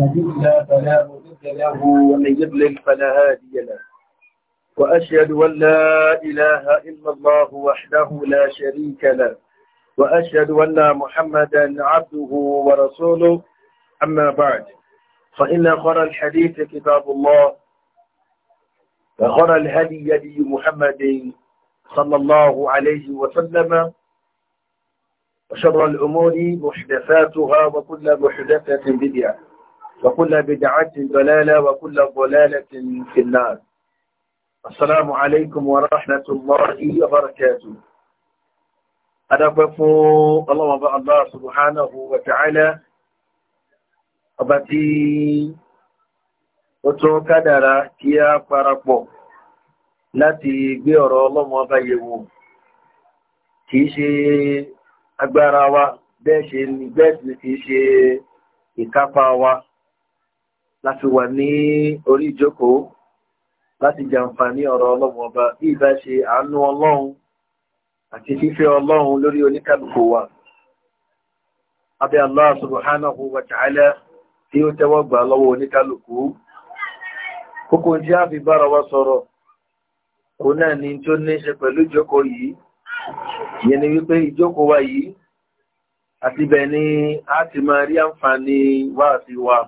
يهدنا فلا مضل له ومن يضلل فلا هادي له وأشهد أن لا إله إلا الله وحده لا شريك له وأشهد أن محمدا عبده ورسوله أما بعد فإن خر الحديث كتاب الله وخر الهدي يدي محمد صلى الله عليه وسلم وشر الأمور محدثاتها وكل محدثة بدعة وكل بدعة ضلالة وكل ضلالة في النار السلام عليكم ورحمة الله وبركاته أدبف الله الله سبحانه وتعالى أبتي وتوكدر كيا فرقبو láti gbé ọ̀rọ̀ ọlọ́mọ ọba yẹ̀wò kìí ṣe agbára wa bẹ́ẹ̀ ṣe ní bẹ́ẹ̀ ṣe ìkápá wa láti wà ní orí ìjókòó láti jàǹfààní ọ̀rọ̀ ọlọ́run ọba bí ìbá ṣe àánú ọlọ́run àti fífẹ́ ọlọ́run lórí oníkàlùkù wa abẹ́ Allah subhanahu wa ta'ala tí ó tẹ́wọ́ gbà lọ́wọ́ oníkàlùkù kókó tí a fi bára wa sọ̀rọ̀ kò náà ni tó ní ṣe pẹ̀lú ìjókòó yìí yẹn ni wípé ìjókòó wa yìí àti bẹ̀ ni a ti máa rí àǹfààní wá sí wa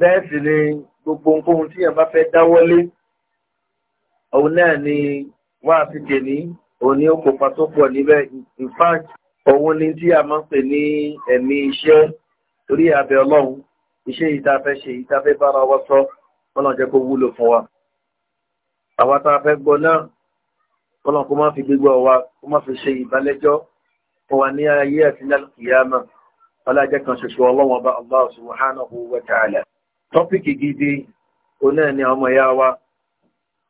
bẹ́ẹ̀ sì ni gbogbo ohunkóhun tí yẹn bá fẹ́ dáwọ́lé òun náà ni wọ́n á fi dè ní òun ni ó kópa tó pọ̀ níbẹ̀ in fact òun ni tí a máa ń pè ní ẹ̀mí iṣẹ́ torí abẹ ọlọ́run iṣẹ́ yìí tá a fẹ́ ṣe yìí tá a fẹ́ bára wa sọ wọn náà jẹ́ kó wúlò fún wa àwa tá a fẹ́ gbọ́ náà wọn náà kó má fi gbégbá wa kó má fi ṣe ìbálẹ́jọ́ fún wa ní ayé àti ní alùpùpù yá náà wọn lájẹ́ kan ṣoṣo ọlọ́run ọba Allah subhanahu wa ta'ala tọ́pìkì gidi oná ni ọmọ ya wa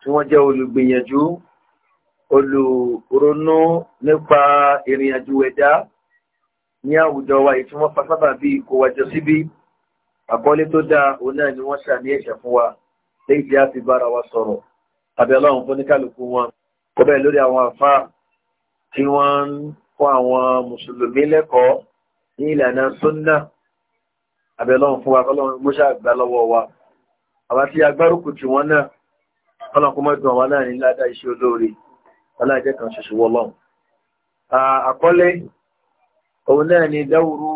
tí wọ́n jẹ́ olùgbìyànjú olùronú nípa ìrìnàjò ẹ̀dá ní àwùjọ wa ìtí wọ́n fasábà bí kò wájọ síbí àkọlé tó dáa oná ni wọ́n ṣà ní ẹ̀ṣẹ̀ fún wa léyìí tí a fi bára wa sọ̀rọ̀ àbẹ̀ ọlọ́run fún oníkàlùkù wọn kó bẹ́ẹ̀ lórí àwọn àfá tí wọ́n ń kọ́ àwọn mùsùlùmí lẹ́kọ̀ọ́ ní ìlànà sunnah abẹ́lọ́run fún wa kọ́lọ́run mọ́ṣà àgbà lọ́wọ́ wa àwọn tí agbárùkù tí wọ́n náà kọ́lọ́run kó mọ́dún àwọn náà ní ládá iṣẹ́ olóore aláìjẹ́ kan ṣoṣo wọlọ́run àkọ́lé òun náà ni dáwùrú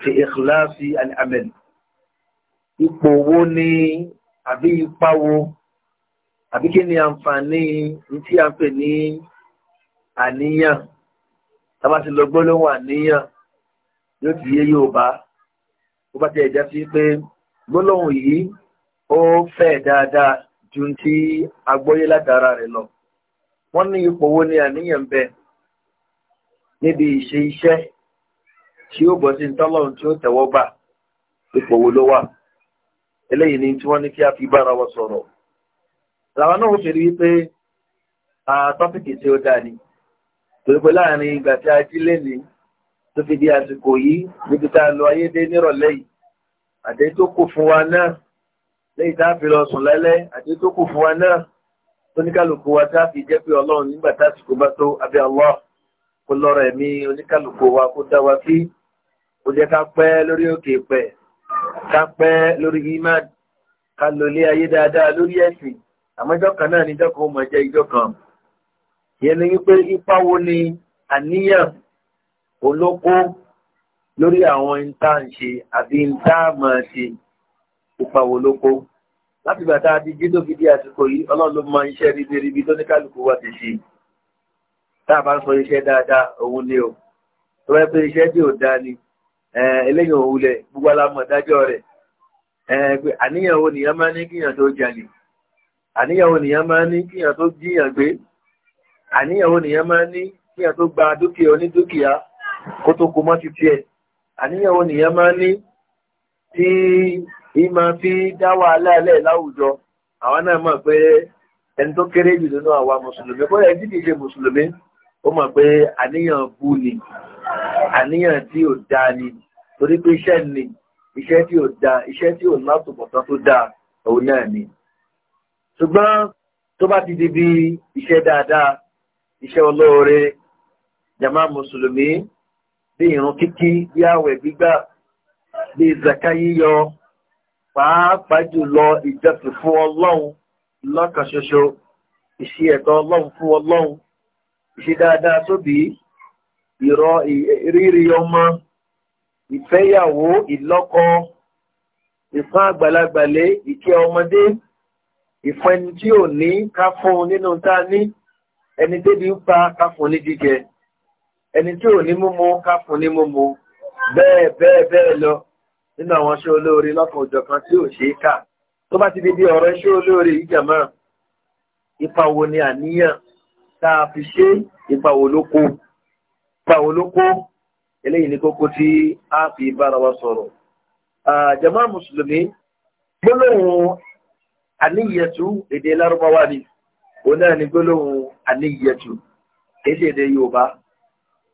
fi ìkìláàsì àmẹ́lì ipò wo ni àbí ni àǹfààní tí a ń pè ní àníyàn tá yóò ti yé yóò bá ó bá ti ẹ̀já sí pé gbólóhùn yìí ó fẹ́ dáadáa ju ti agbóyé látara rẹ̀ lọ wọ́n ní ipò wo ni àníyàn bẹ níbi ìṣe iṣẹ́ tí ó bọ̀ sí ntọ́lọ́run tí ó tẹ̀wọ́ gbà ipò wo ló wà eléyìí ni tí wọ́n ní kí a fi bára wa sọ̀rọ̀ làwọn náà ó fi rí wípé tọ́pìkì tí ó dáa ni torí pé láàrin ìgbà tí a jí lénìí tó fi di àsìkò yìí níbi tá a lọ ayé dé nírọ̀lẹ́ yìí àdé tó kù fún wa náà lẹ́yìn tá a fi lọ sùn lálẹ́ àdé tó kù fún wa náà oníkàlùkù wa tá a fi jẹ́ pé ọlọ́run nígbà tá àsìkò bá tó abẹ́ Allah kó lọ́rọ̀ ẹ̀mí oníkàlùkù wa kó dá wa sí kó jẹ́ ká pẹ́ lórí òkè pẹ̀ ká pẹ́ lórí imad ká lò lé ayé dáadáa lórí ẹ̀sìn àmọ́ kan náà ni ìjọ kan ó mọ̀ jẹ́ ìjọ kan ìyẹn ni wípé ipa wo ni àníyàn olóko lórí àwọn ìntànṣe àbí ìntàmà ṣe ipa olóko láti gbà tá a ti jí tó fi dí àsìkò yìí ọlọ́run ló máa iṣẹ́ ribiribi tó ní kálukú wa ti ṣe tá a bá ń sọ iṣẹ́ dáadáa òun ni o tó bá pé iṣẹ́ tí ò dá ni eléyìí òun lẹ̀ gbogbo alámọ̀ dájọ́ rẹ̀ pé àníyàn wo nìyàn máa ní kíyàn tó jalè àníyàn wo nìyàn máa ní kíyàn tó jíyàn gbé àníyàn wo nìyàn máa ní kíyàn tó gba dúkìá onídúkìá kó tó kó mọ́ ti tiẹ̀ àníyàwó nìyẹn máa ní tí ìmọ̀ fi dá wàhálà ẹlẹ́ láwùjọ àwọn náà mọ̀ pé ẹni tó kéré jù nínú àwa mùsùlùmí bóyá ẹni tí kì í ṣe mùsùlùmí ó mọ̀ pé àníyàn bú ni àníyàn tí ò dáa ni torí pé iṣẹ́ ni iṣẹ́ tí ò dáa iṣẹ́ tí ò látòbọ̀tán tó dáa òun náà ni ṣùgbọ́n tó bá ti di bí iṣẹ́ dáadáa iṣẹ́ olóore jama mùsùlùmí bí ìrun kíkí bí àwẹ̀ gbígbà bí zaka yíyọ pàápàá jùlọ ìjọsìn fún ọlọ́run lọ́kàn ṣoṣo ìṣe ẹ̀tọ́ ọlọ́run fún ọlọ́run ìṣe dáadáa sóbì ìrọ ìrírí ọmọ ìfẹ́yàwó ìlọ́kọ ìfún àgbàlagbàlẹ̀ ìkẹ́ ọmọdé ìfún ẹni tí ò ní ká fún un nínú tá a ní ẹni débi ń pa ká fún un ní jíjẹ ẹni tí ò ní múmu ká fún ní múmu bẹ́ẹ̀ bẹ́ẹ̀ bẹ́ẹ̀ lọ nínú àwọn iṣẹ́ olóore lọ́kàn òjọ̀ kan tí ò ṣeé kà tó bá ti di bí ọ̀rọ̀ iṣẹ́ olóore ìjàmọ́ ipa wo ni àníyàn tá a fi ṣe ipa wo ló kó ipa wo ló kó eléyìí ni kókó tí a fi bára wa sọ̀rọ̀ jama mùsùlùmí gbólóhùn àníyẹ̀tú èdè lárúbáwá ni òun náà ni gbólóhùn àníyẹ̀tú èdè èdè yorùbá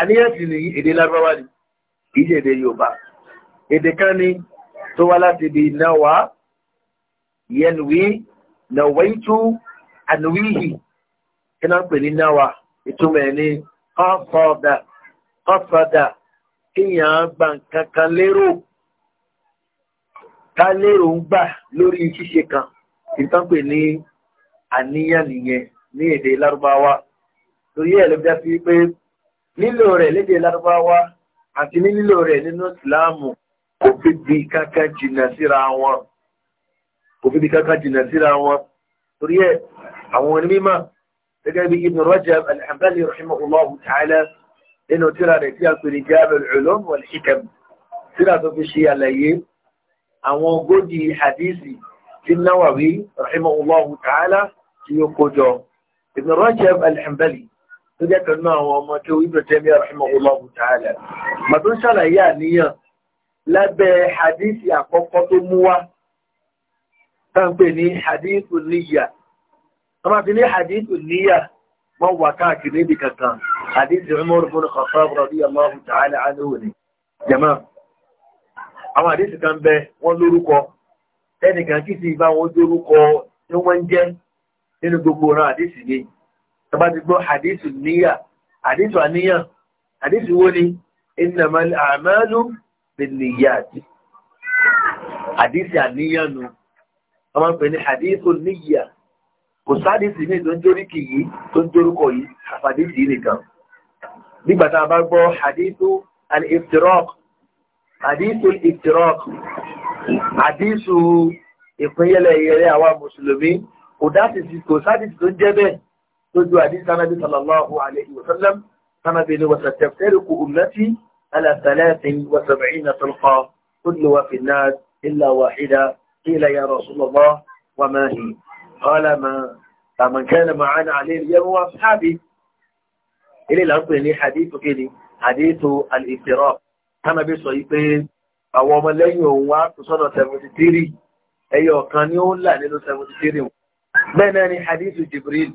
àníyàn sì ní èdè lárúbáwá ni kì í ṣe èdè yorùbá èdè kan ni tó wá láti ibi náwà yẹnuwí nàwẹ́tú ànúwíhì kí náà ń pè ní náwà ìtumọ̀ ẹ̀ ní kọ́sọ̀dà kọ́sọ̀dà kíyàn gba nǹkan kan lérò ká lérò ń gbà lórí ṣíṣe kan ìtàn pè ní àníyàn nìyẹn ní èdè lárúbáwá torí ẹ̀ ló bí a fi pé lílò rẹ̀ lédè lárúbáwá àti ní lílò rẹ̀ nínú ìsìláàmù kò fi di kankan jìnnà síra wọn kò fi di kankan jìnnà síra wọn torí ẹ àwọn onímọ̀ gẹ́gẹ́ bí ibn rajab alhambali rahimahullahu ta'ala nínú tíra rẹ̀ tí a pè ní jábẹ̀ ulum wal hikam tíra tó fi ṣe àlàyé àwọn ogójì hadisi tí náwàwí rahimahullahu ta'ala tí ó kójọ ibn rajab alhambali tó jẹ́ kan náà àwọn ọmọ tí Ibn Taymiyyah rahimahullahu ta'ala màtún ṣàlàyé àníyàn lábẹ́ hadithi àkọ́kọ́ tó mú wá tánpé ní hadithu níyà wọ́n máa fi ní hadithu níyà wọ́n wà káàkiri níbi kankan hadithi Umar ibn Khattab radiyallahu ta'ala anhu ni jama àwọn hadithi kan bẹ wọ́n lórúkọ ẹnìkan kìí sí ìbá wọn lórúkọ tí wọ́n jẹ́ nínú gbogbo ọ̀ràn hadithi yìí tọba ti gbọ́ hadithu níyà hadithu àníyàn hadithu wo ni innamal a'malu binniyati hadithu àníyàn nu ọmọ pè ní hadithu níyà kò sáàdìsì ní tó ń jóríkì yìí tó ń jórúkọ yìí àfàdìsì nìkan nígbà tá a bá gbọ́ hadithu al-iftiraq hadithu al-iftiraq hadithu ìpínyẹlẹ ìyẹrẹ àwa mùsùlùmí kò dá sí kò sáàdìsì tó ń jẹ́ bẹ́ẹ̀ تجد حديث النبي صلى الله عليه وسلم فما بين وستفترق أمتي على ثلاث وسبعين تلقى كل وفي الناس إلا واحدة قيل يا رسول الله وما هي قال ما فمن كان معنا عليه اليوم هو أصحابي إلي لأصلني حديث كذي حديث الانتراب كما بصيبين أو من لن يوات صنع سبوتيري أيها كان يقول يولا لن سبوتيري بناني حديث جبريل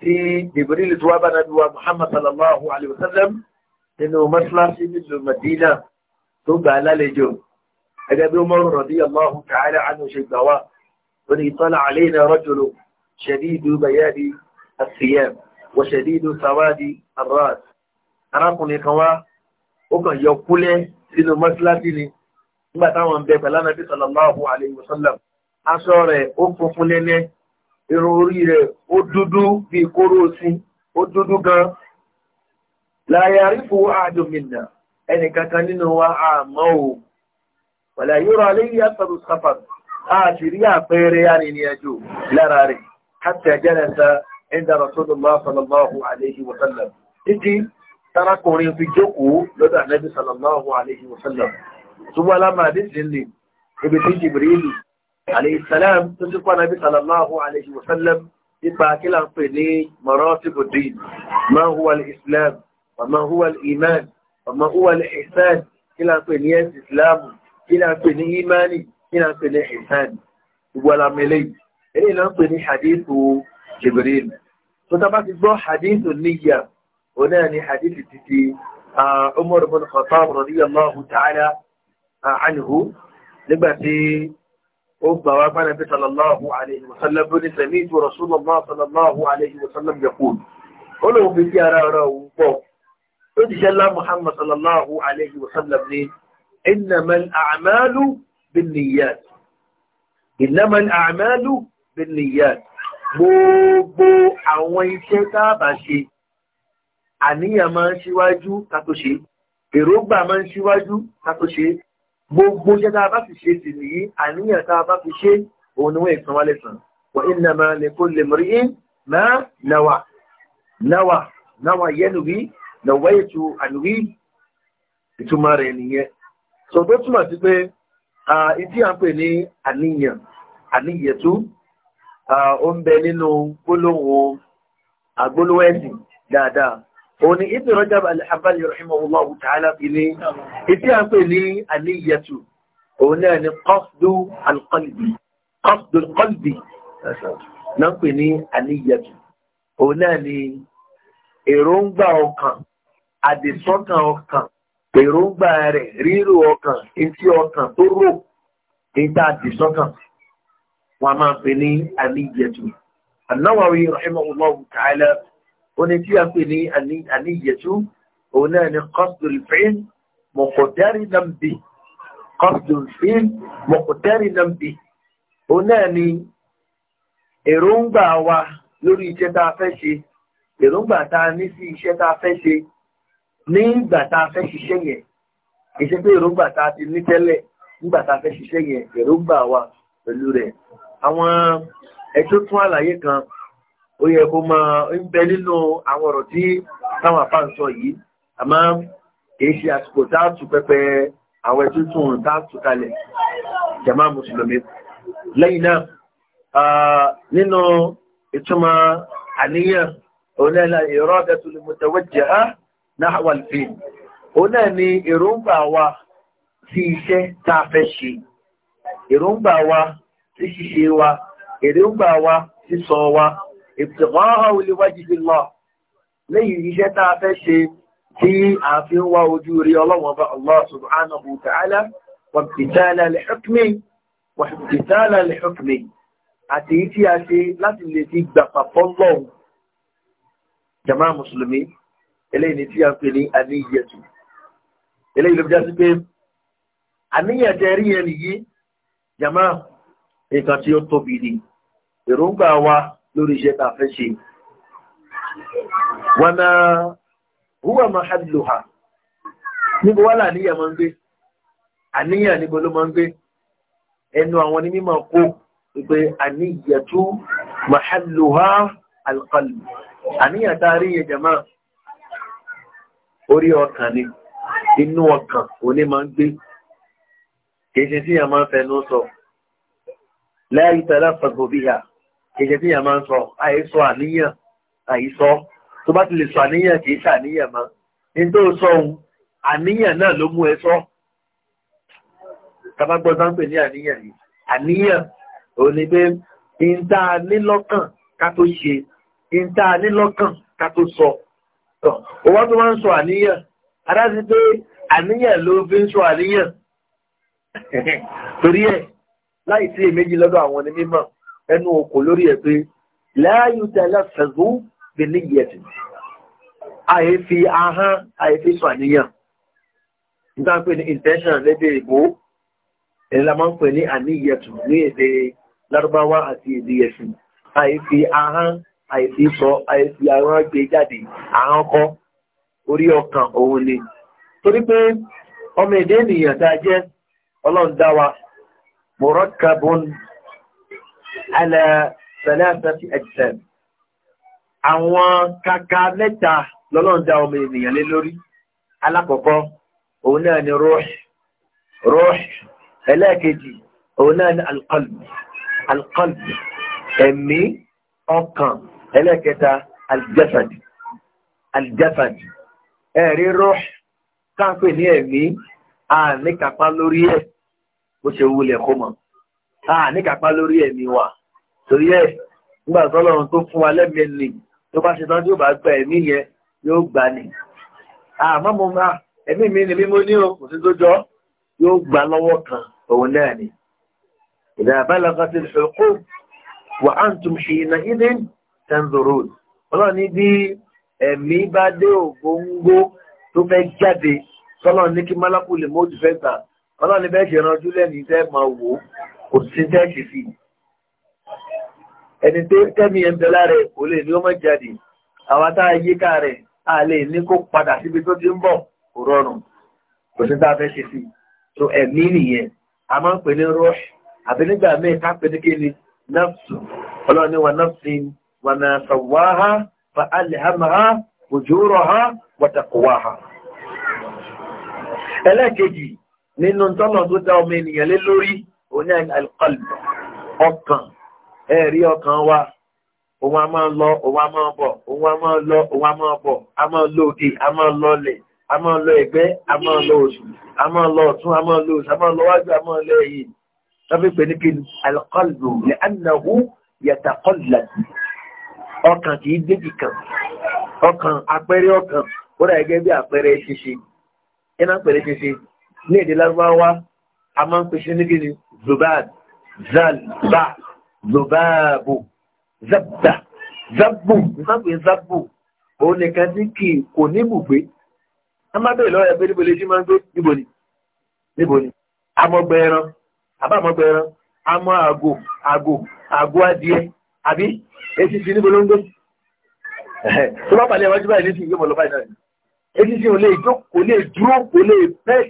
tí Jibril tó wá bá nàbí wa Muhammad sallallahu alayhi wa sallam nínú mọ́ṣáláṣí nílùú Madina tó gbà á lálejò gẹ́gẹ́ bí Umar radiyallahu ta'ala anhu ṣe gbà wá ó ní tala alayna rajulu shadidu bayadi as-siyam wa shadidu sawadi ar-ras arákùnrin kan wá ó kàn yọ kúlẹ̀ sínú mọ́ṣáláṣí ni nígbà táwọn ń bẹ pẹ̀lú Ànábì sallallahu alayhi wa sallam aṣọ rẹ̀ ó funfun lẹ́lẹ́ irun orí rẹ̀ ó dúdú bí kóró sí ó dúdú gan láyàrífò àdòmìnà ẹni kankan nínú wa àmọ́ o wàlá yóò aléyí àtàrù sáfà àti rí àpẹẹrẹ arìnrìnàjò lára rẹ̀ hàtà jẹ́nẹta ẹ̀dà rasulullah sallallahu alaihi wasallam títí tarakùnrin fi jókòó lọ́dọ̀ ànábì sallallahu alaihi wasallam ṣùgbọ́n alámàdé alayhi salam tó ti kọ́ nàbí sallallahu alayhi wa sallam nípa kílà ń pè ní maratibu din ma huwa al-islam wa ma huwa al-iman wa ma huwa al-ihsan kílà ń pè ní ẹ̀sìn islam kílà ń pè ní imani kílà ń pè ní ihsan gbogbo alamẹ́lẹ́ yìí eléyìí náà ń pè ní hadithu jibril tó tá ti gbọ́ hadithu níyà òun náà ni hadithu títí umar bin khattab radiyallahu ta'ala anhu nígbà tí أبا وقال النبي صلى الله عليه وسلم بني سميت رسول الله صلى الله عليه وسلم يقول قلوا بدي أرى أرى وقف إن الله محمد صلى الله عليه وسلم لي إنما الأعمال بالنيات إنما الأعمال بالنيات gbogbo àwọn iṣẹ́ táàbà ṣe àníyàn máa ń síwájú ká tó ṣe èrògbà máa ń síwájú ká tó ṣe gbogbo iṣẹ́ tá a bá fi ṣe sì nìyí àníyàn tá a bá fi ṣe òun ni wọ́n ìsan wálé sàn wọ́n iná máa lè kó lè mọ̀rí máa náwà náwà náwà yẹnu rí náwà ètò àníwí ìtumọ̀ rẹ̀ nìyẹn so tó túmọ̀ sí pé ìdí à ń pè ní àníyàn àníyẹ̀tú ó ń bẹ nínú gbólóhùn àgbólówó ẹ̀sìn dáadáa òní Ibn Rajab al-Hanbali rahimahullahu ta'ala fi ní ìdí à ń pè ní àníyàtù òun náà ni qasdu al-qalbi qasdu al-qalbi náà ń pè ní àníyàtù òun náà ni èròǹgbà ọkàn àdìsọ́kàn ọkàn èròǹgbà rẹ̀ rírò ọkàn etí ọkàn tó rò níta àdìsọ́kàn wọn máa pè ní àníyàtù an-Nawawi rahimahullahu ta'ala ó ní tí a pè ní àníyẹ̀tú òun náà ni qasdul fi'l muqtarinan bi qasdul fi'l muqtarinan bi òun náà ni èròǹgbà wa lórí iṣẹ́ tá a fẹ́ ṣe èròǹgbà tá a ní sí iṣẹ́ tá a fẹ́ ṣe ní ìgbà tá a fẹ́ ṣiṣẹ́ yẹn iṣẹ́ pé èròǹgbà tá a ti ní tẹ́lẹ̀ nígbà tá a fẹ́ ṣiṣẹ́ yẹn èròǹgbà wa pẹ̀lú rẹ̀ àwọn ẹ̀tọ́ tún àlàyé kan ó yẹ kó máa ń bẹ nínú àwọn ọ̀rọ̀ tí táwọn àfáà ń sọ yìí àmọ́ kìí ṣe àsìkò táàtù pẹpẹ àwọn ẹtúntún táàtù kalẹ̀ jama mùsùlùmí lẹ́yìn náà nínú ìtumọ̀ àníyàn onílà ìrọ́ ọ̀dẹ́tùlùmọ̀tẹ̀wẹ́jẹ̀ á náà wà náà ni èròǹgbà wa sí iṣẹ́ tá a fẹ́ ṣe èròǹgbà wa sí ṣíṣe wa èròǹgbà wa wa ìpìtìkọ́rọ̀ olè wájú ti lọ lẹ́yìn iṣẹ́ tá a fẹ́ ṣe tí a fi ń wá ojú rí ọlọ́wọ́n bá Allah subhanahu wa ta'ala wa ibtitala li hukmi wa ibtitala li hukmi àti èyí tí a ṣe láti lè fi gbà papọ̀ lọ́wọ́ jama mùsùlùmí eléyìí tí a ń pè ní àníyẹ̀tù eléyìí ló fi já sí pé àníyàn rí yẹn nìyí jama nǹkan ó tóbi ni èròǹgbà wa lórí iṣẹ́ tá a fẹ́ ṣe wọ́n máa húwà máa hàlù hà níbo wá làníyàn máa ń gbé àníyàn níbo ló máa ń gbé ẹnu àwọn onímọ̀ kó pé àníyàtú mahàlù hà alqalb àníyàn tá a rí yẹn jẹ̀mọ́ orí ọkàn ni inú ọkàn òní máa ń gbé kìí tí a máa fẹnu sọ láyé tàlá fàgbọ́ bí i ẹ̀jẹ̀ tí yàn máa ń sọ àìsọ àníyàn àìsọ tó bá ti lè sọ àníyàn kì í ṣàníyàn mọ́ ní tó sọ ohun àníyàn náà ló mú ẹ sọ tabagbọ́n tá ń pè ní àníyàn yìí àníyàn òun ni pé n tá a ní lọ́kàn ká tó ṣe n tá a ní lọ́kàn ká tó sọ òwò tó máa ń sọ àníyàn adájú pé àníyàn ló fi ń sọ àníyàn torí ẹ̀ láì sí èméjì lọ́dọ̀ àwọn onímọ̀ ẹnu òkò lórí ẹ̀ pé láàyò tẹ́lẹ̀ fẹ̀zú bí ní yẹ̀tì àìfi ahán àìfi sọ àníyàn nígbà pé ní intention lédè ìbò ẹni la máa ń pè ní àníyẹ̀tù ní èdè lárúbáwá àti èdè ẹ̀sìn àìfi ahán àìfi sọ àìfi àwọn gbé jáde ahán kọ́ orí ọkàn òun ni torí pé ọmọ èdè ènìyàn tá a jẹ́ ọlọ́run dá wa mọ̀rọ́kàbọ̀n ala salasati ajsam àwọn kàkà mẹ́ta lọ́lọ́run dá ọmọ ènìyàn lé lórí alákọ̀ọ́kọ́ òun náà ni ruh ruh ẹlẹ́ẹ̀kejì òun náà ni alqalb alqalb ẹ̀mí ọkàn ẹlẹ́ẹ̀kẹta aljasad aljasad ẹ̀rí ruh káàpẹ̀ ní ẹ̀mí àmì kàpá lórí ẹ̀ bó ṣe wulẹ̀ kó mọ̀ a ní kápá lórí ẹ̀mí wa torí ẹ̀ nígbà tọ́lọ́run tó fún wa lẹ́mìí ẹni tó bá ṣe tán tí ó bá gba ẹ̀mí yẹn yóò gbà ní àmọ́ mo máa ẹ̀mí mi ni mímú ní o sí tó jọ yóò gbà lọ́wọ́ kan òun náà ni ìdá àbálàkà ti fẹ́ kó wà á ń tún ṣe iná ilé tẹ́ńdòrò ọlọ́run ní bí ẹ̀mí bá dé ògbóngbó tó fẹ́ jáde tọ́lọ́run ní kí málákù lè mọ́ fẹ́ gbà ọlọ́run ní bẹ́ẹ̀ ṣe ranjú lẹ́ni tẹ́ máa wò ó kò sí tẹ́ẹ̀kì sí ẹni tẹ́mi ẹ̀ ń kò lè ní ó jáde àwọn tá a yíká rẹ̀ a lè ní kó padà síbi tó ti ń bọ̀ kò rọrùn kò tá a fẹ́ ṣe sí so ẹ̀mí nìyẹn a máa ń pè ní rush àbí nígbà míì ká pè ní kí ni nafsu ọlọ́ni wa nafsi wa ha, fa alhamaha ujuraha wa taqwaha ẹlẹ́ẹ̀kejì nínú tọ́lọ̀ tó dá ọmọ ènìyàn lé lórí oní alqalb ọkàn ẹ̀rí ọkàn wa òun a máa lọ òun a máa bọ̀ òun a máa lọ òun a máa bọ̀ a máa lọ òkè a máa lọ ọlẹ̀ a máa lọ ẹ̀gbẹ́ a máa lọ oṣù a máa lọ ọ̀tún a máa lọ oṣù a máa lọ wájú a máa lọ ẹ̀yìn lọ́fẹ́ pé ní kí alqalb li'annahu yataqallab ọkàn kì í débì kan ọkàn apẹ́rẹ́ ọkàn ó dà gẹ́gẹ́ bí àpẹẹrẹ ṣíṣe iná pẹ̀lẹ́ ṣíṣe ní èdè lárúbáwá a máa ń pèsè ní kí ni zubab zalba zubabu zabda zabu nígbàgbé zabu òun nìkan tí kì kò ní ibùgbé a máa bèèrè lọ́wọ́ ẹgbẹ́ níbo lè ṣe máa ń gbé níbo ni níbo ni amọ̀gbẹ̀ ẹran àbámọ̀gbẹ̀ ẹran amọ̀ àgò àgò àgò adìẹ àbí etí ti níbo ló ń gbé tó bá pàlẹ́ ìwájú báyìí létí ìgbémọ̀ lọ báyìí náà etí ti ò lè jókòó lè dúró kò lè pẹ́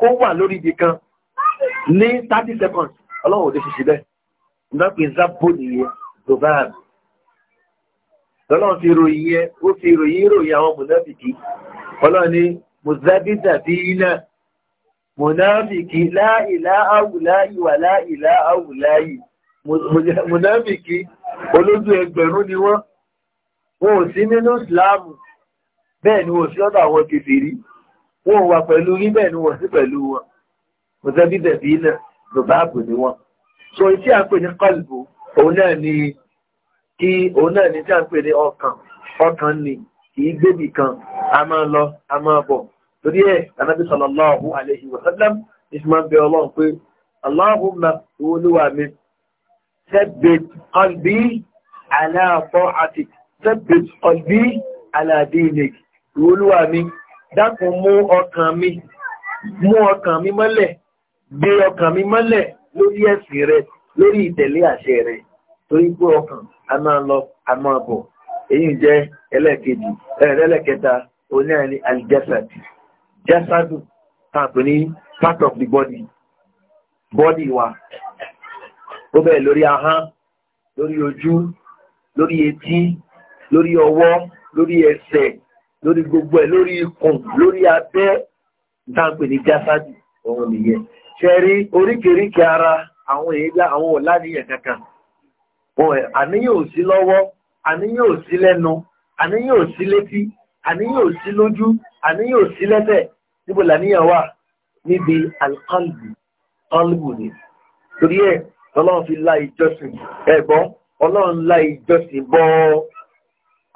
kó wà lórí ibì ní thirty seconds ọlọ́run ò lè ṣiṣẹ́ bẹ́ẹ̀ ìdápè zápò nìyẹn dubab lọ́lọ́run ti ròyìn yẹn ó fi ròyìn ròyìn àwọn mùnáfìkì ọlọ́run ní mùsábìtà bí iná mùnáfìkì láìlá àwùláyì wà láìlá àwùláyì mùnáfìkì olójú ẹgbẹ̀rún ni wọ́n wọn ò sí nínú ìsìláàmù bẹ́ẹ̀ ni wọ́n sí ọ̀dọ̀ àwọn kèfèrí wọn ò wà pẹ̀lú yín bẹ́ẹ̀ ni wọ́n sí pẹ̀lú wọn mọ̀sẹ́bíbẹ̀bí náà dùbáàbù ni wọ́n. so tí a ń pè ní kọlùbù òun náà ni kí òun náà ni tí a ń pè ní ọkàn ọkàn ni kì í gbébì kan a máa lọ a máa bọ̀ torí ẹ̀ anábì sallallahu alaihi wasallam ní fi máa ń bẹ ọlọ́run pé Allahumma olúwa mi thabbit qalbi ala ta'atik thabbit qalbi ala dinik mi dákun mú ọkàn mi mú ọkàn mi mọ́lẹ̀ gbé ọkàn mi mọ́lẹ̀ lórí ẹ̀sìn rẹ lórí ìtẹ̀lé àṣẹ rẹ torí pé ọkàn a máa lọ a máa bọ̀ èyí jẹ́ ẹlẹ́ẹ̀kejì ẹlẹ́ẹ̀kẹta oní àní aljásàdì jásàdù ní part of the body body wa ó bẹ̀rẹ̀ lórí ahọ́n lórí ojú lórí etí lórí ọwọ́ lórí ẹsẹ̀ lórí gbogbo ẹ̀ lórí ikùn lórí abẹ́ tàbí ní jásàdù òun nìyẹn ṣẹ̀rí oríkèríkè ara àwọn èèyàn àwọn ò láníyàn kankan àníyàn ò sí lọ́wọ́ àníyàn ò sí lẹ́nu àníyàn ò sí létí àníyàn ò sí lójú àníyàn ò sí lẹ́tẹ̀ níbo làníyàn wà níbi alqalbi qalbu ni torí ẹ̀ ọlọ́run fi la ìjọsìn ẹ̀gbọ́n ọlọ́run la ìjọsìn bọ́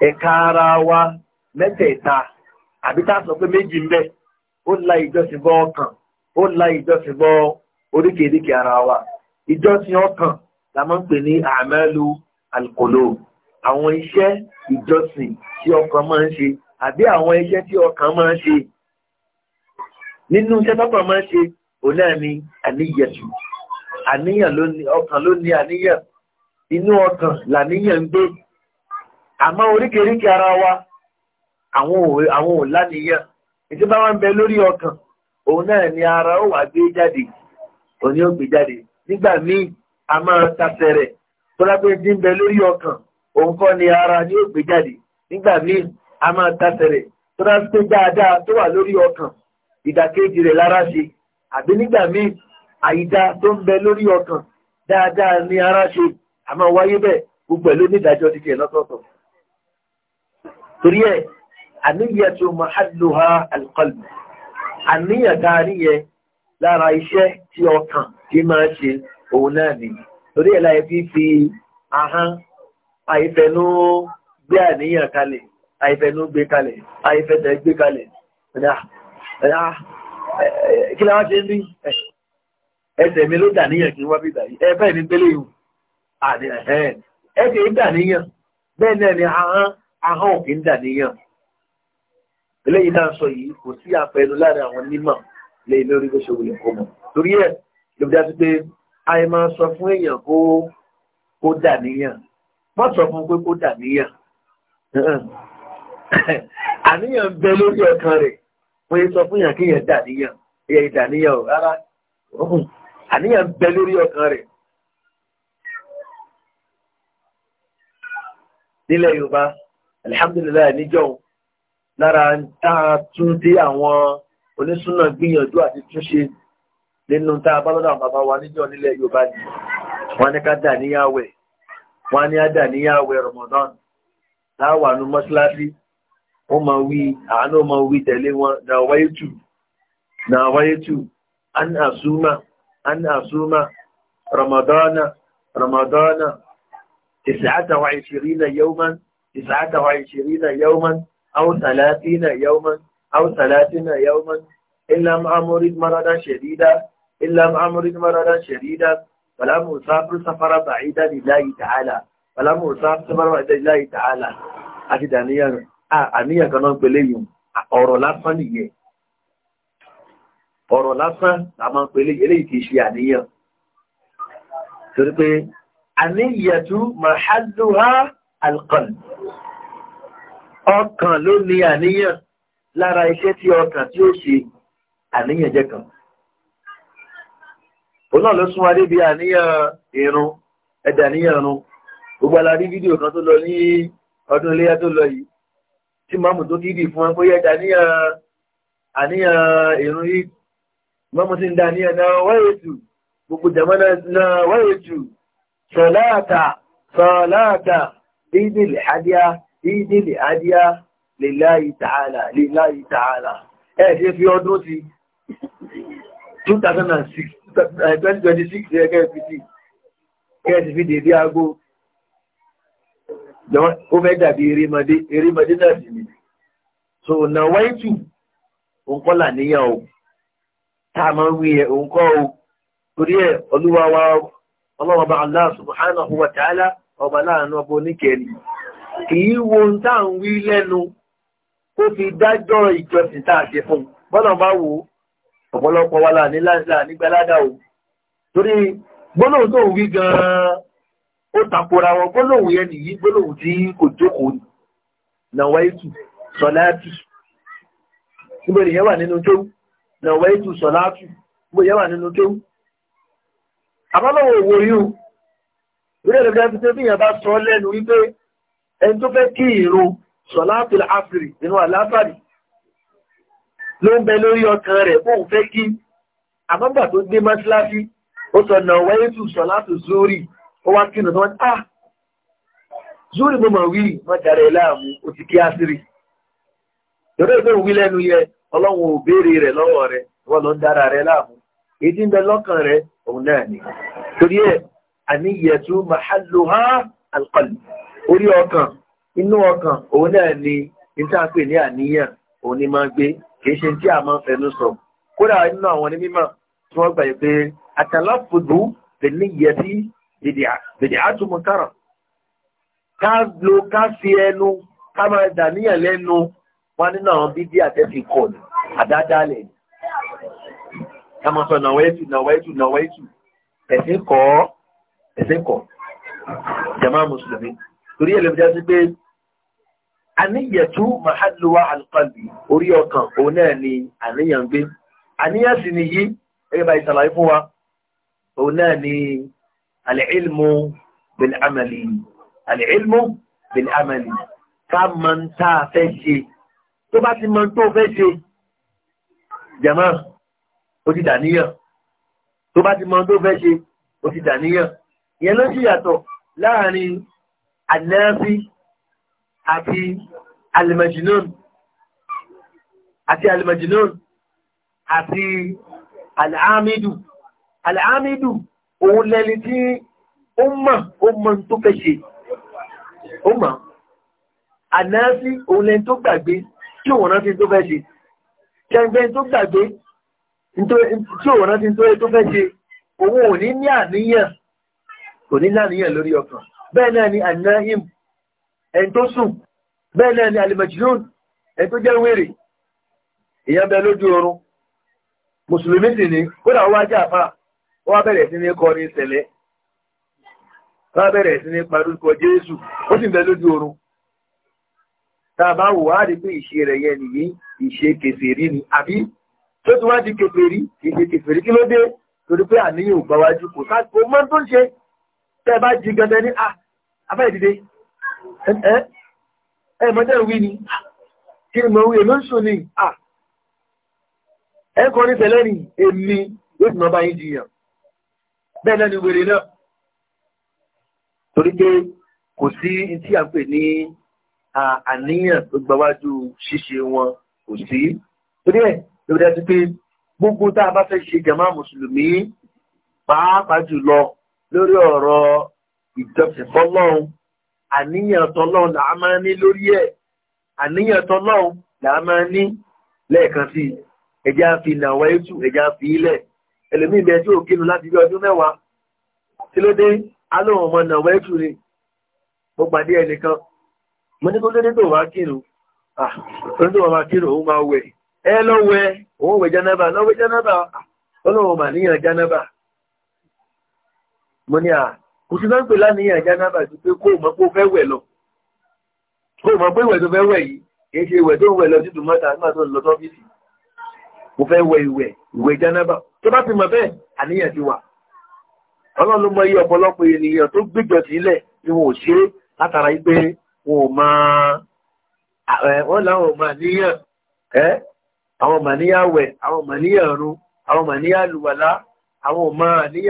ẹ̀ka ara wa mẹ́tẹ̀ẹ̀ta àbí tá a sọ pé méjì ń bẹ ó la ìjọsìn bọ́ ọkàn ó la ìjọsìn bọ oríkèéríkèé ara wa ìjọsìn ọkàn la máa ń pè ní àmẹ́lú alkolo àwọn iṣẹ́ ìjọsìn tí ọkàn máa ń ṣe àbí àwọn iṣẹ́ tí ọkàn máa ń ṣe nínú iṣẹ́ tọ́kàn máa ń ṣe òun náà ni àníyẹ̀tù àníyàn ọkàn ló ní àníyàn inú ọkàn làníyàn ń gbé àmọ́ oríkèéríkèé ara wa àwọn ò láníyàn ètò bá wà ń bẹ lórí ọkàn òun náà ni ara ó wà gbé jáde òní ó gbé jáde nígbà míì a máa tasẹ̀ rẹ̀ tó lápẹ́ tí ń bẹ lórí ọkàn òun kọ́ ni ara ni ó gbé jáde nígbà míì a máa tasẹ̀ rẹ̀ tó lápẹ́ dáadáa tó wà lórí ọkàn ìdàkejì rẹ̀ lára ṣe àbí nígbà míì àyídá tó ń bẹ lórí ọkàn dáadáa ni ara ṣe a máa wáyé bẹ́ẹ̀ gbogbo ẹ̀ ló ní ìdájọ́ ti tiẹ̀ lọ́tọ̀ọ̀tọ̀ torí ẹ̀ àníyàtò mahalluha alqalbi àníyàn tá a níyẹn lára iṣẹ́ tí ọkàn tí máa ṣe òun náà nì torí ẹ̀ láì fi fi ahán àìfẹnú gbé àníyàn kalẹ̀ àìfẹnú gbé kalẹ̀ àìfẹsẹ̀ gbé kalẹ̀ kí la wá ṣe ń rí ẹsẹ̀ mi ló dàníyàn kí wá bí dàí ẹ̀fẹ́ ní pélé ìhù ẹsẹ̀ ń dàníyàn bẹ́ẹ̀ náà ni ahán òkè ń dàníyàn eléyìí náà sọ yìí kò sí àpẹẹrẹ láàrin àwọn onímọ̀ lẹ́yìn lórí bó ṣe wulẹ̀ kó mọ̀ torí ẹ̀ ló bí dájú pé àyè máa sọ fún èèyàn kó kó dà níyàn wọ́n sọ fún pé kó dà níyàn àníyàn bẹ lórí ọkàn rẹ̀ wọ́n yẹ sọ fún yàn kí yẹn dà níyàn yẹ dà níyàn rárá àníyàn bẹ lórí ọkàn rẹ̀ nílẹ̀ Yorùbá alihamudulilayi níjọ́ òun. lára táa tún dé àwọn onísúnà gbìyànjú àti túnṣe nínú táa bá lọ́dọ̀ àwọn bàbá wa níjọ́ nílẹ̀ Yorùbá ni wọ́n ní ká dà níyàwẹ̀ wọ́n ní Wani níyàwẹ̀ Ramadan táwà nu mọ́ṣáláṣí ó mọ wí àánú mọ wí tẹ̀lé wọn na wáyé tù na wáyé tù an asuma an asuma Ramadana Ramadana na yau man أو ثلاثين يوما أو ثلاثين يوما إلا مع أمرض مرضا شديدا إلا مع أمرض مرضا شديدا فلم أسافر سفرا بعيدا لله تعالى فلم أسافر سفرا بعيدا لله تعالى أكيد أنيا أنيا كنون بليهم ọ̀rọ̀ lásán nìyẹn ọ̀rọ̀ lásán la máa ń pè eléyìí kìí ṣe àníyàn torí pé ọkàn ló ní àníyàn lára iṣẹ́ tí ọkàn tí ó ṣe àníyàn jẹ́ kan òun náà ló súnmọ́ débi àníyàn irun ẹ̀dà àníyàn irun gbogbo ala rí fídíò kan tó lọ ní ọdún iléyà tó lọ yìí tí mọ́mù tó kíbi fún wọn pé yẹ́ dàníyàn àníyàn irun yìí mọ́mù tí ń dàníyàn náà wáyé jù gbogbo jẹ̀mọ́ náà wáyé jù sọ̀láàtà sọ̀láàtà ìdílé àdíá ìdí lè adíá lè láyé tààlà lè láyé tààlà ẹ̀ẹ́dẹ́ fi ọdún sí 2006 2026 ẹ̀kẹ́ fi sí kẹ́ẹ̀sì fi dèdé aago ó fẹ́ dàbí erémọdé erémọdé náà sì ni so ọ̀nà wáìtù òǹkọ́ làníyàn o tá a máa ń wí ẹ̀ òǹkọ́ o torí ẹ̀ olúwa wa ọlọ́wọ́ bá aláà subhanahu wa ta'ala ọba láàánú ọba oníkẹ́ni kìí wo ń tá ń wí lẹ́nu kó fi dájọ́ ìjọsìn tá a ṣe fún bọ́nà bá wo ọ̀pọ̀lọpọ̀ wa là nígbà ládà o torí gbólóhùn tó ń wí gan-an ó takora wọn gbólóhùn yẹn nìyí gbólóhùn tí kò jókòó ni nàwáìtù sọláàtù níbo nìyẹn wà nínú tó nàwáìtù sọláàtù níbo nìyẹn wà nínú tó àbálòwò òwò yìí o orí ẹ̀rọ gẹ́gẹ́ bí èèyàn bá sọ lẹ́nu wípé ẹni tó fẹ́ kí ìrun sọ̀láàtì àfìrì nínú àlàáfàrì ló ń bẹ lórí ọkàn rẹ̀ bó ń fẹ́ kí àmọ́gbà tó dé mọ́síláṣí ó sọ nà wáyé tù sọ̀láàtì zúrì ó wá kí nìkan ah zúrì mo mọ̀ wí mọ́ jàre láàmú ó ti kí àṣírí lórí ìgbẹ́ òwí lẹ́nu yẹ ọlọ́run ò béèrè rẹ̀ lọ́wọ́ rẹ̀ wọ́n lọ ń dára rẹ̀ láàmú èyí ń bẹ lọ́kàn rẹ̀ òun náà ni torí ẹ̀ àníyẹ̀tú mahalluha alqalb orí ọkàn inú ọkàn òun náà ni ìtàpè ní àníyàn òun ni máa gbé kìí ṣe tí a máa ń fẹnu sọ kódà inú àwọn ní tí wọ́n gbà pé àtàlá fòdú pẹ̀lú dèdè ká lo ká fi ẹnu ká máa dàníyàn wọn nínú àwọn bíbí àtẹ́fì ní àdádálẹ̀ ká máa sọ kọ kọ torí ẹ̀lẹ́mí já sí pé àníyẹ̀tú màhálùwà alqalbi orí ọkàn òun náà ni àníyàn gbé àníyàn sì ni yìí ẹgbẹ́ bá ìsàlàyé fún wa òun náà ni alìlmù bil'amali alìlmù bil'amali ká mọ ń tá a fẹ́ ṣe tó bá ti mọ tó fẹ́ ṣe jẹ̀mọ́ ó ti dàníyàn tó bá ti mọ tó fẹ́ ṣe ó ti dàníyàn ìyẹn ló sì yàtọ̀ láàrin anábí àti alimajinun àti alimajinun àti al'amidu al'amidu òun lẹni tí ó mọ̀ ó mọ̀ tó fẹ́ ṣe ó mọ̀ anábí òun lẹni tó gbàgbé tí òun rántí tó fẹ́ ṣe kẹgbẹ́ tó gbàgbé tí òun rántí tó fẹ́ ṣe òun ò ní ní àníyàn lórí ọkàn bẹ́ẹ̀ náà ni anahim ẹni tó sùn bẹ́ẹ̀ náà ni alimajinun ẹni tó jẹ́ wèrè èèyàn bẹ lójú oorun mùsùlùmí sì ni kódà wá jẹ́ àfà wọ́n bẹ̀rẹ̀ sí ní kọrin ìṣẹ̀lẹ̀ wọ́n bẹ̀rẹ̀ sí ní parúkọ jésù ó sì bẹ lójú oorun tá a bá wò wá rí pé ìṣe rẹ̀ yẹn nìyí ìṣe kèfèrí ni àbí tó ti wá di kèfèrí ìṣe kèfèrí kí ló dé torí pé àníyàn ò gbáwájú kò sá kò mọ́ tó ń ṣe tẹ́ bá jí gangan ní à ah, abẹ́ ìdìde ẹ ẹ mọ́tẹ́ wí ni kí ni mo wí èmi ń sùn ni à ẹ ní tẹ́lẹ̀ ni èmi yóò ọba yín bẹ́ẹ̀ náà ni wèrè náà torí pé kò sí tí a pè ní àníyàn tó gbáwájú ṣíṣe wọn kò sí torí ẹ̀ ló dájú pé gbogbo tá a bá fẹ́ ṣe jàmá mùsùlùmí pàápàá jùlọ lórí ọ̀rọ̀ ìjọsìn fọ́lọ́run àníyàn tọ́lọ́run là á máa ní lórí ẹ̀ àníyàn tọ́lọ́run là á máa ní lẹ́ẹ̀kan sí ẹja fi nàwọ́ ètù ẹja fi ilẹ̀ ẹlòmíì bẹ́ẹ̀ tí ò kínu láti bí ọdún mẹ́wàá tí ló dé alóhùn ọmọ nàwọ́ ètù ni mo pàdé ẹnìkan mo ní kó lóde tó wá kínu ah tó ń tó wá kínu òun máa wẹ̀ ẹ lọ́wẹ́ òun wẹ̀ jánábà lọ́wẹ́ jánábà ọlọ́run mà níyàn jánábà mo ní à kò sí sọ́ńpẹ̀ láníyàn jánábà sí pé kó mọ̀ pé ó fẹ́ wẹ̀ lọ kó mọ̀ pé ìwẹ̀ tó fẹ́ wẹ̀ yìí kìí ṣe ìwẹ̀ tó ń wẹ̀ lọ títù mọ́ta nígbà tó ń lọ sọ́fíìsì mo fẹ́ wẹ̀ ìwẹ̀ ìwẹ̀ jánábà tó bá ti mọ̀ bẹ́ẹ̀ àníyàn ti wà ọlọ́run ló mọ iye ọ̀pọ̀lọpọ̀ ènìyàn tó gbígbọ̀ sílẹ̀ ni wọn ò ṣe látara yìí pé wọn ò mọ wọn làwọn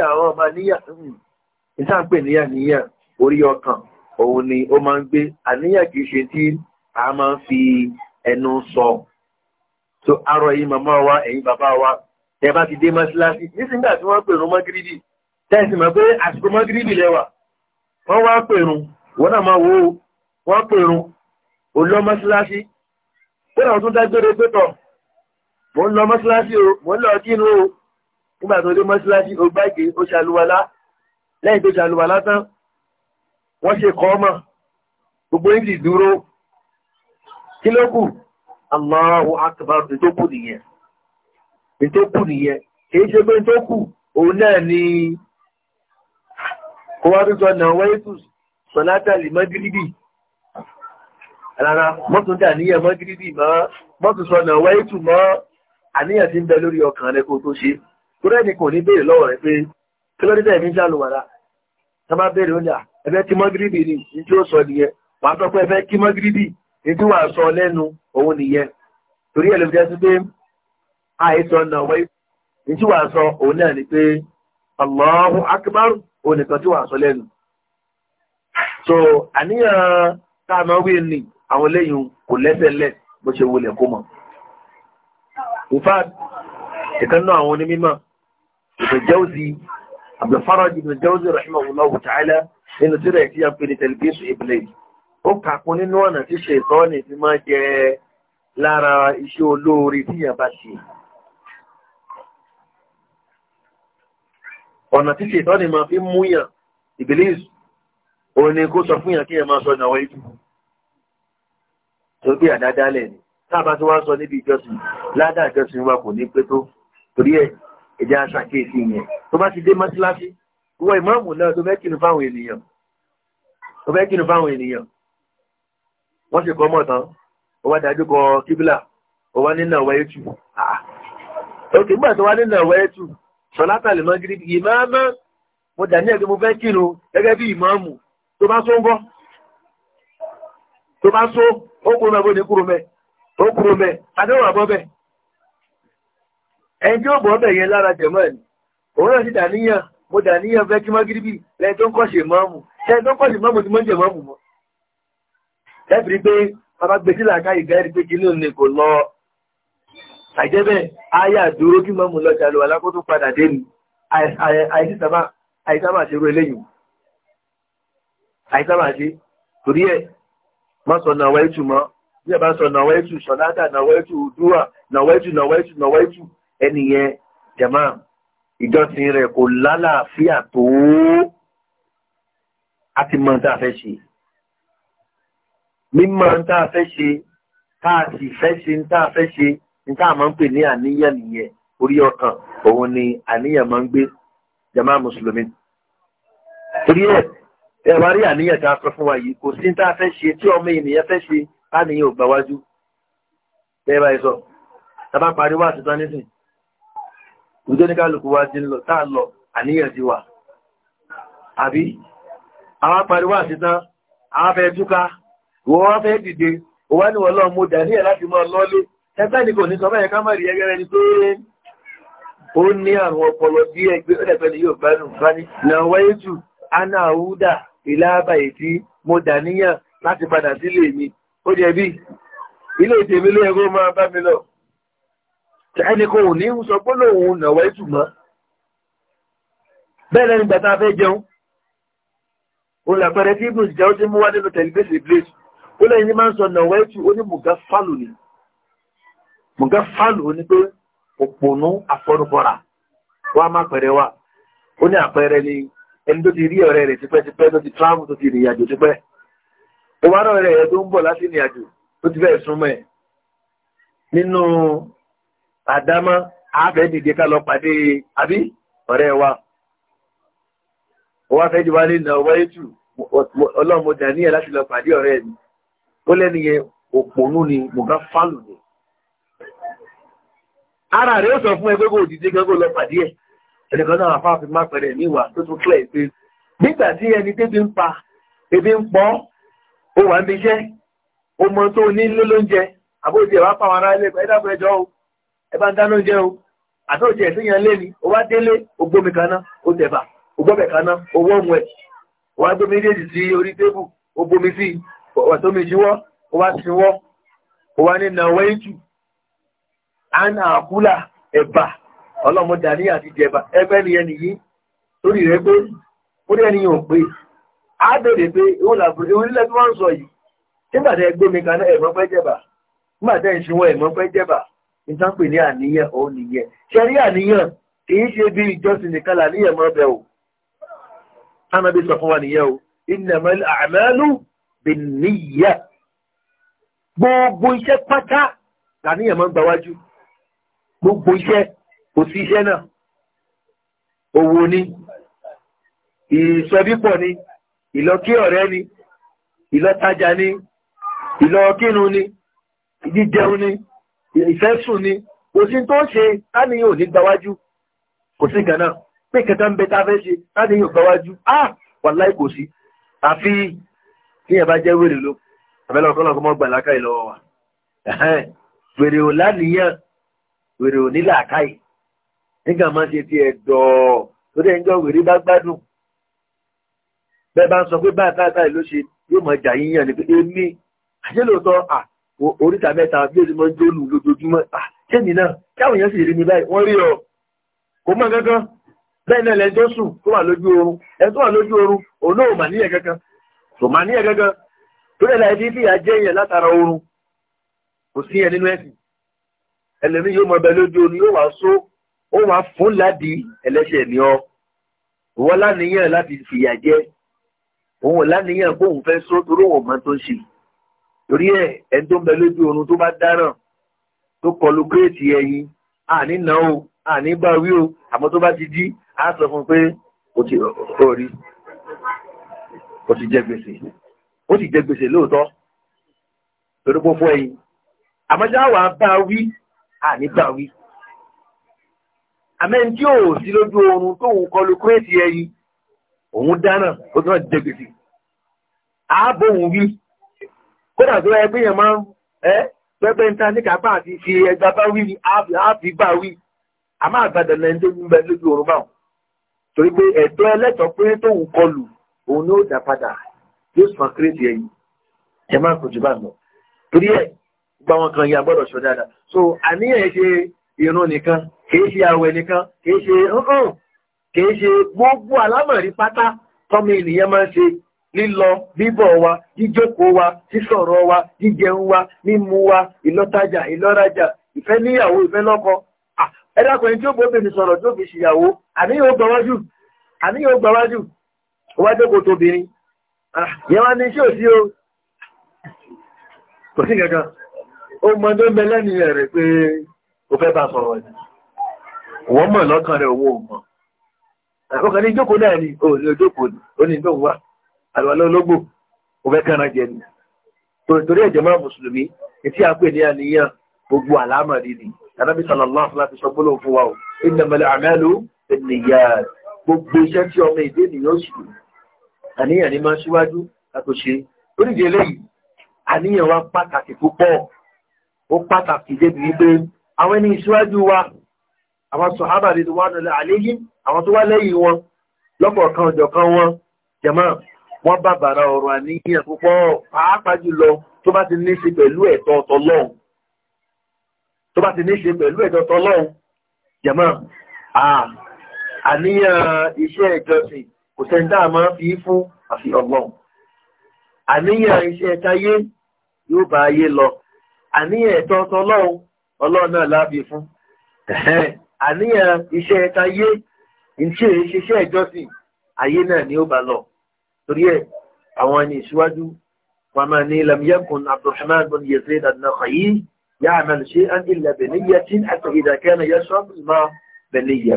ò mà níyàn ìtànpè níyàníyàn orí ọkàn òun ni ó máa ń gbé àníyàn kìí ṣe tí a máa ń fi ẹnu sọ so arọ yìí màmá wa ẹ̀yin bàbá wa tẹ bá ti dé mọ́ṣíláṣí nísìnyí àti wọ́n pèrún mọ́gírídì tẹ́sí mọ̀ pé àsìkò mọ́gírídì lẹ́wà wọ́n wá pèrún wọ́n náà máa wo wọ́n pèrún olọ́ mọ́ṣíláṣí pé àwọn tó dágbére pé tọ̀ mò ń lọ mọ́ṣíláṣí o mò ń lọ kínú o nígbà tó dé mọ́ṣíláṣí o gbáìgé o ṣàlùwalá lẹ́yìn tó ṣàlùwà látán wọ́n ṣe kọ́ ọmọ gbogbo ìdí dúró kí ló kù Allahu akbar tó kù nìyẹn tó kù nìyẹn kìí ṣe pé tó kù òun náà ni kó wá tó sọ náà wáyétù sọ̀látà lè mọ́gíríbì rárá mọ́tún dà níyẹn mọ́gíríbì mọ́ mọ́tún sọ nà wáyétù mọ́ àníyàn ti ń bẹ lórí ọkàn rẹ kó tó ṣe kúrẹ́ni kò ní béèrè lọ́wọ́ rẹ pé kí lọ́dí tẹ̀ ń ṣàlùwàrà tó bá bẹ̀rẹ̀ oúnjẹ ẹgbẹ́ kí mọ́gíríbì ni ní tí ó sọ nìyẹn wà á tọ́pẹ́ ẹgbẹ́ kí mọ́gíríbì ní tí wà á sọ lẹ́nu òun nìyẹn torí ẹ̀ ló fi jẹ́sí pé àìsọ nàwẹ́ ní tí wà á sọ òun náà ni pé allahu akbar òun nìkan tí wà á sọ lẹ́nu so àníyàn táàmà wí ni àwọn lẹ́yìn kò lẹ́sẹ̀lẹ̀ bó ṣe wulẹ̀ kó mọ̀ in fact àwọn onímọ̀ ìfẹ̀jẹ́ òsì abdulfaraj ibn jawzi rahimahullahu ta'ala nínú tírà ẹ̀ tí a pè ní tẹlifíṣù iblis ó kàkún nínú ọ̀nà tí ṣètọ́ni fi máa jẹ lára iṣẹ́ olóore tíyàn bá ṣe ọ̀nà tí ṣètọ́ni máa fi múyàn iblis ó ní kó sọ fún yàn kí yàn máa sọ náà ìtù tó gbé àdádálẹ̀ ni tábà tí wọ́n sọ níbi ìjọsìn ládàá ìjọsìn wa kò ní pé tó torí ẹ̀ ẹ̀jẹ̀ aṣàkíyèsí yẹn tó bá ti dé mọ́síláṣí wọ ìmáàmù náà tó fẹ́ kinu fáwọn ènìyàn tó fẹ́ kinu fáwọn ènìyàn wọ́n sì kọ́ mọ̀ tán ó wá dájú kọ kíbílà ó wá nínà wáyé tù àà ah. òkè nígbà tó wá nínà wáyé tù sọlátà lè mọ gidi ìmáàmù mo dà ní ẹgbẹ́ mo fẹ́ kinu gẹ́gẹ́ bí ìmáàmù tó bá só ń bọ́ tó bá só ó kúrò mẹ́ bó ní kúrò mẹ́ ó kúrò mẹ́ adéwà bọ́ bẹ́ẹ̀ ẹni tí ó bọ̀ ọ́bẹ̀ yẹn lára jẹ̀mọ́ ẹ̀ òun náà sì dàníyàn mo dàníyàn fẹ́ kí mágíríbì lẹ́yìn tó ń kọ́ṣe mọ́ọ̀mù lẹ́yìn tó ń kọ́ṣe mọ́ọ̀mù tí mo ń jẹ mọ́ọ̀mù mọ́ lẹ́bìrí pé bàbá gbé sílà ká ìgbà ẹ̀rí pé kínú ni kò lọ àìjẹ́ bẹ́ẹ̀ áyà dúró kí mọ́ọ̀mù lọ́jà lọ alákótó padà dé ni àìsàmà ṣe rú eléyìí àìsàmà ṣe torí ẹ̀ má sọ nàwẹ́ ìtù mọ́ bí ẹ bá sọ nàwẹ́ ìtù ẹni yẹn jama ìjọsìn rẹ̀ kò lálàáfíà tó a ti mọ̀ tá a fẹ́ ṣe mímọ̀ tá a fẹ́ ṣe tá a sì fẹ́ ṣe tá a fẹ́ ṣe ní tá a máa ń pè ní àníyàn nìyẹn orí ọkàn òun ni àníyàn máa ń gbé jama mùsùlùmí torí ẹ ẹwà rí àníyàn tá a sọ fún wa yìí kò sí tá a fẹ́ ṣe tí ọmọ ènìyàn fẹ́ ṣe láàníyàn ò gbà wájú bẹ́ẹ̀ báyìí sọ tá a bá parí wá àtúntò nísìnyí òjò ní kálùkù wá ti lọ táà lọ àníyàn ti wà àbí àwọn apariwá àtìtán àwọn fẹ́ túká wọ́n wá fẹ́ dìde òwá ní wọ́n lọ mú dàníyà láti mọ́ lọ́lé ẹgbẹ́ ní ní sọ bẹ́ẹ̀ kámẹ́rì ni pé ó ní àrùn ọpọlọ bí ẹgbẹ́ ẹgbẹ́ ni yóò gbádùn fani làwọn wáyé jù ana àwúdà ilá àbàyè tí mo dàníyà láti padà sílé mi ó jẹ bí ilé ìtèmi ló kó máa bá mi lọ ẹni kò ní ń sọ pé lòun nàwọ ìtumọ̀ bẹ́ẹ̀ lẹ́nu gbàtà fẹ́ jẹun o lè pẹ̀rẹ̀ tí ibùsùn jẹun ti mú wá nínú tẹlifíṣì blaze ó lẹ́yìn ní máa ń sọ nàwọ ìtù onímùgá fálù ni mùgá fálù ni pé òpònú àfọnufọra wọ́n á má pẹ̀rẹ̀ wá ó ní àpẹẹrẹ ni ẹni tó ti rí ọ̀rẹ́ rẹ̀ tipẹ́tipẹ́ tó ti tíráàmù tó ti rìn àjò tipẹ́ ó wá rọ̀ rẹ̀ tó ń bọ̀ láti rìn àjò tó ti fẹ́ súnmọ́ ẹ̀ nínú àdámọ́ àfẹ́ dìde ká lọ pàdé àbí ọ̀rẹ́ wa wọ́n fẹ́ jù wá lè nà ọwọ́ ètù ọlọ́mọdà ní ẹ̀ láti lọ pàdé ọ̀rẹ́ mi ó lẹ́nu yẹn òpònú ni mọ̀gá fálù ni ara rẹ̀ ó sọ fún ẹgbẹ́ kò dìde gan kó lọ pàdé ẹ̀ ẹnìkan náà àfáà fi má pẹ̀lẹ̀ níwà tó tún kílẹ̀ pé nígbà tí ẹni tẹ́bi ń pa ebi ń pọ́ ó wà ń bíṣẹ́ ó mọ tó ní lólóúnjẹ àbójì ẹ̀ wá pa ará ilé ẹ̀dá ẹ bá ń dáná jẹ́ o àtọ́ òjì ẹ̀sìn yẹn lé ni ó wá délé ògbómi kaná ó tẹ̀bà ògbọ́bẹ̀ kaná owó ọmọ ẹ̀ wá gbómi déjì sí orí tébù ògbómi sí ọ̀tọ́mi jíwọ́ ó wá sinwọ́ ó wá ní nàwẹ́ ìtù àná àkúlà ẹ̀bà ọlọ́mọdà ní àti jẹ̀bà ẹgbẹ́ nìyẹn nìyí lórí rẹ̀ pé ó rí ẹniyàn pé á bèèrè pé ìwọ̀n làbúrò orílẹ̀ tí wọ́n ń sọ yìí nígbà tẹ́ gbómi kaná ẹ̀mọ́ pẹ́ jẹ̀bà nígbà tẹ́ ìṣinwọ́ ẹ̀mọ́ pẹ́ jẹ̀bà ìtànpè ní àníyàn òun nìyẹn ṣẹ́rí àníyàn kìí ṣe bí ìjọsìn nìkan làníyàn mọ́ bẹ̀ o tánàbí sọ fún wa nìyẹn o innamal a'malu binniyah gbogbo iṣẹ́ pátá làníyàn mọ́ ń gba wájú gbogbo iṣẹ́ kò sí iṣẹ́ náà owó ni ìsọdípọ̀ ni ìlọkí ọ̀rẹ́ ni ìlọtajà ni ìlọkínu ni ìjíjẹun ni ìfẹ́ sùn ni kò sí tó ṣe táníyàn ò ní gbáwájú kò sí gànà pé kẹta ń bẹ tá fẹ́ ṣe táníyàn gbáwájú ah wàláì kò sí àfi tí ẹ bá jẹ́ wèrè ló àbẹ́lọ́kọ́lọ́kọ́ gbà lákàì lọ́wọ́ wa wèrè ò láníyàn wèrè ò ní làákàì nígbà máa ṣe ti ẹ̀dọ̀ lórí ẹjọ́ wèrè bá gbádùn bẹ́ẹ̀ bá ń sọ pé báyìí táyà ló ṣe yóò mọ̀ jà yíyàn ní pé èmi àṣẹ lóòótọ́ oríta mẹ́ta bí o ti mọ́ jóòlù lójoojúmọ́ tẹ́mi náà káwọn èèyàn sì rí mi báyìí wọ́n rí ọ kò mọ̀ kankan bẹ́ẹ̀ náà lẹ́jọ́ sùn tó wà wà lójú oorun òun náà kankan kò mà kankan tó dẹ̀ fi fìyà jẹ́ látara oorun kò sí yẹn nínú ẹ̀sìn ẹlẹ́mi yóò mọ ẹbẹ lójú oorun yóò wá só ó wá fún torí ẹ ẹni tó ń bẹ lójú oorun tó bá dáràn tó kọlu kírètì ẹyin àní nà ó àní bá wí o àmọ́ tó bá ti jí á sọ fún pé ó ti rí ó ti jẹ gbèsè ó ti jẹ gbèsè lóòótọ́ torí pé ó ẹyin àmọ́ ṣá wàá bá wí àní bá wí àmẹ́ tí ò sí lójú oorun tóun kọlu kírètì ẹyin òun dáná ó tún jẹ gbèsè ààbò òun wí kódà tó ẹgbẹ́ yẹn máa ń ẹ́ pẹ́pẹ́ ń ta ní kápá àti fi ẹgbà bá wí ni áàfì bá wí àmọ́ àgbàdo lẹ́yìn tó ń bẹ lójú oorun báwọn torí pé ẹ̀tọ́ ẹlẹ́tọ̀ pé tóun kọlù òun ni ó dà padà yóò sàn kírètì ẹ̀yìn ẹ má kojú bá lọ torí ẹ̀ gba wọn kan yà gbọ́dọ̀ sọ dáadáa so àníyàn ṣe irun nìkan kìí ṣe àwẹ̀ nìkan kìí ṣe kìí ṣe gbogbo alámọ̀rí pátá tọ́mọ ènìyàn máa ń ṣe lilo bíbọ̀ wa jíjókòó wa sísọ̀rọ̀ wa jíjẹun wa mímu wa ìlọtajà ìlọ́rajà ìfẹ́ níyàwó ìfẹ́ lọ́kọ ẹ̀dàkùnrin tí ó sọ̀rọ̀ tó fi ṣìyàwó àníyàn o kò sí ó mọ tó ń pé o bá sọrọ owó ọkàn ní ìjókòó náà ni àlùwàlá ológbò ó fẹ́ kẹ́ran jẹ ni torí ẹ̀jẹ̀ máa mùsùlùmí etí àpè ní àníyàn gbogbo àlámà nìyí tàbí sàlọ́lá láti sọ gbólóhùn fún wa o ìdàmọ̀lẹ̀ àmẹ́lú ènìyà gbogbo iṣẹ́ tí ọmọ èdè ènìyàn sùn àníyàn ni máa síwájú àtòṣe oríṣi eléyìí àníyàn wa pàtàkì púpọ̀ ó pàtàkì débi wípé àwọn ẹni ìṣíwájú wa àwọn sọ̀hábà nínú wa nílẹ̀ àléyìn àwọn tó wá lẹ́yìn wọn lọ́pọ̀ kan ọ̀jọ̀ kan wọn jẹ̀mọ́ wọ́n bàbàrà ọ̀rọ̀ àníyàn púpọ̀ pàápàá jùlọ tó bá ti ní ṣe pẹ̀lú ẹ̀tọ́ ọ̀tọ̀lọ́hun tó bá ti ní ṣe pẹ̀lú ẹ̀tọ́ ọ̀tọ̀lọ́hun jẹ̀mọ́ àníyàn iṣẹ́ ìjọsìn kò sẹ́ńtà máa fi fún àfi ọlọ́run àníyàn iṣẹ́ táyé yóò bá ayé lọ àníyàn ẹ̀tọ́ ọ̀tọ̀lọ́hun ọlọ́run náà láàbí fún àníyàn iṣẹ́ táyé ní tí ìjọsìn ayé náà ni ó bá lọ torí ẹ̀ àwọn ẹni ìṣíwájú wọn máa ní lamiyakun abdulhamid bin yazid adnakayi ya amal ṣe an ilẹ̀ beniya tí àti ìdàkẹ́nà yẹ sọ́ọ̀bù ma beniya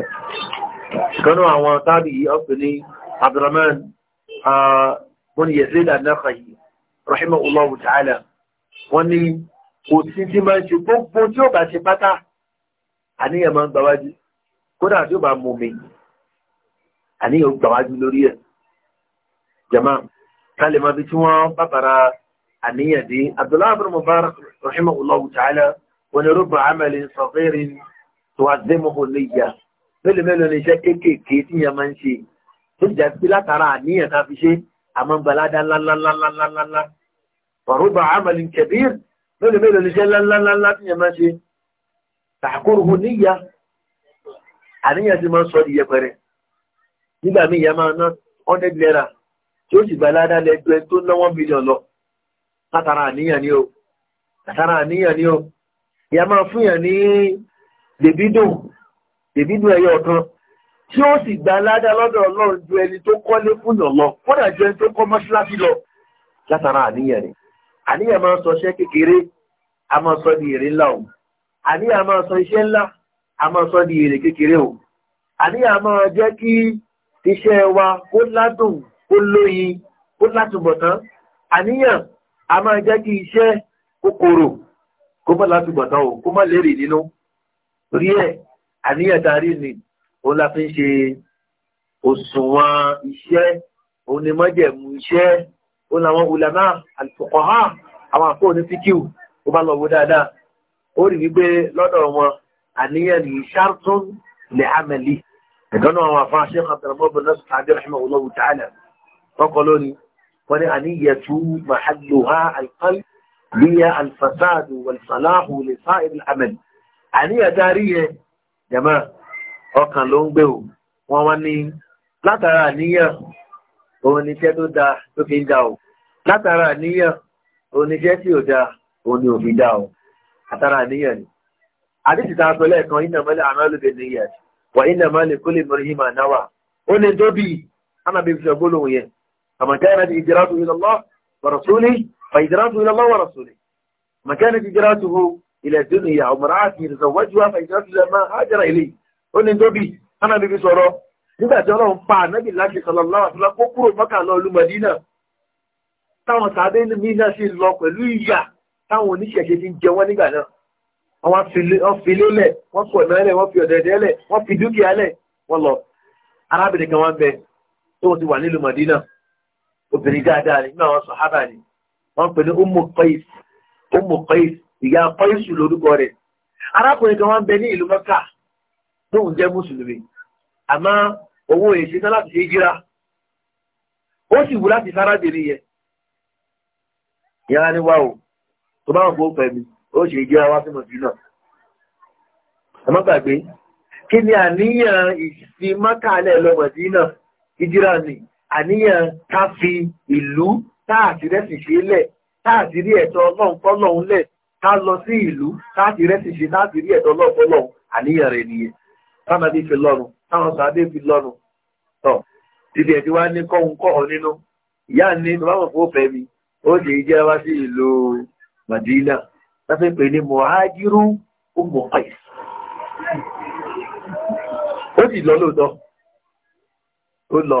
kanú àwọn tábì yìí ọ̀pẹ̀ ní abdulhamid bin yazid adnakayi rahimahullahu ta'ala wọn ní kò sí tí máa ń ṣe gbogbo tí ó bá ṣe pátá àníyàn máa ń gbáwájú kódà tí ó bá mú mi àníyàn gbáwájú lórí ẹ̀ jama kálí máa bí tí wọ́n bàbára àníyàn dé abdullahi bin mubarak rahimahullahu ta'ala wọn ni rúbà amẹ́lì sọ̀fẹ́rin tó wà dẹ́mọ̀kò níyà mélòó mélòó ni iṣẹ́ kéékèèké tí yẹn máa ń ṣe tó jà sí látara àníyàn tá a fi ṣe àmọ́ balada ńláńláńláńláńlá wàrúbà amẹ́lì kẹbíir mélòó mélòó ni iṣẹ́ ńláńláńláńlá tí yẹn máa ń ṣe tàkùrùhù níyà àníyàn ti máa ń sọ ìyẹpẹrẹ nígbà míì yẹn máa ná 100 tí ó sì gbà ládá lẹ́gbẹ́ tó lọ́wọ́ mílíọ̀n lọ látara àníyàn ni o látara àníyàn ni o ìyá máa fúnyàn ní dèbídò dèbídò ẹyọ ọ̀kan tí ó sì gbà ládá lọ́dọ̀ ọlọ́run ju ẹni tó kọ́lé fúnyàn lọ kódà ju ẹni tó kọ́ mọ́ṣáláṣí lọ látara àníyàn ni àníyàn máa sọ iṣẹ́ kékeré a máa sọ di èrè ńlá o àníyàn máa sọ iṣẹ́ ńlá a máa sọ di èrè kékeré o àníyàn máa jẹ́ kí iṣẹ́ wa kó ládùn ó lóyin ó látúbọ̀tán àníyàn a máa jẹ́ kí iṣẹ́ kòkòrò kó mọ́ látúbọ̀tán o kó mọ́ lérè nínú rí ẹ̀ àníyàn darí ni òun la fi ń ṣe òṣùwọ̀n iṣẹ́ òun ni mọ́jẹ̀mú iṣẹ́ òun làwọn ulama alfuqaha àwọn àpò ní fíkìw ó bá lọ wo dáadáa ó rí wípé lọ́dọ̀ wọn àníyàn ní shartun lè amẹ̀lì ẹ̀dọ́nà àwọn àfáà sheikh abdulrahman bin nasir abdulrahman olówó ta'ala tọ́kọ lónìí wọ́n ní àníyẹ̀tú màhàlùhá alqalb níyà alfasadu wàlfàláhù lè sá ìlú amẹ́l àníyàn darí yẹ jẹ̀mọ́ ọkàn ló ń gbé o wọ́n wá ní látara àníyàn òun ni iṣẹ́ tó da tó fi ń da o látara àníyàn òun ni iṣẹ́ tí ò da òun ni ò fi da o àtara àníyàn ni àdìsí ta sọ lẹ́ẹ̀kan iná mọ́lẹ̀ àná níyà wà iná mọ́lẹ̀ kólé mọ́rí hímà náwà ó ní tóbi ánàbí fi sọ gbólóhùn yẹn فما كانت هجرته إلى الله ورسوله فهجرته إلى الله ورسوله ما كانت هجرته إلى الدنيا أو مرعاته لزوجها فهجرته إلى ما هاجر إليه ó ní tó bí hánà bíbí sọ̀rọ̀ nígbà tí ọlọ́run pa ànábì láti sallallahu alaihi wasallam kó kúrò Mẹ́kà lọ ìlú Mẹdínà táwọn sàbẹ́ mi náà sì lọ pẹ̀lú ìyà táwọn oníṣẹ̀ṣe ti ń jẹ wọ́n nígbà náà wọ́n fi lélẹ̀ wọ́n pọ̀ náà lẹ̀ wọ́n fi ọ̀dẹ̀dẹ̀ lẹ̀ wọ́n fi dúkìá lẹ̀ wọ́n lọ arábìnrin kan wá ń bẹ tó ti wà nílùú Mẹdínà obìnrin dáadáa ni nínú àwọn sọ̀hábà ni wọ́n pè ní umu qais umu qais ìyá qaisu lórúkọ rẹ̀ arákùnrin kan wọ́n ń bẹ ní ìlú mẹ́kà tóun jẹ́ mùsùlùmí àmọ́ owó èsì tán láti ṣe jíra ó sì wù láti sárábìnrin yẹn ìyá ni wá o tó bá wọn fowó pẹ̀lú ó ṣe jíra wá sí mọ̀júnà àmọ́ gbàgbé kí ni àníyàn ìsìn mọ́kàlẹ̀ lọ mọ̀júnà ìjíra ni àníyàn ká fi ìlú táàtì rẹ̀ sì ṣe lẹ̀ táàtì rí ẹ̀tọ́ ọlọ́run lẹ̀ ká lọ sí ìlú táàtì rẹ̀ sì ṣe láti rí ẹ̀tọ́ ọlọ́run fọ́lọ́run àníyàn rẹ̀ nìyẹn tánàdé fi lọ́rùn táwọn fi lọ́rùn tọ ẹ̀ tí ní nínú ìyá ní fún òfẹ́ mi ó jẹ́ wá sí ìlú Madina láti pè ní mohajiru ó sì lọ lóòótọ́ ó lọ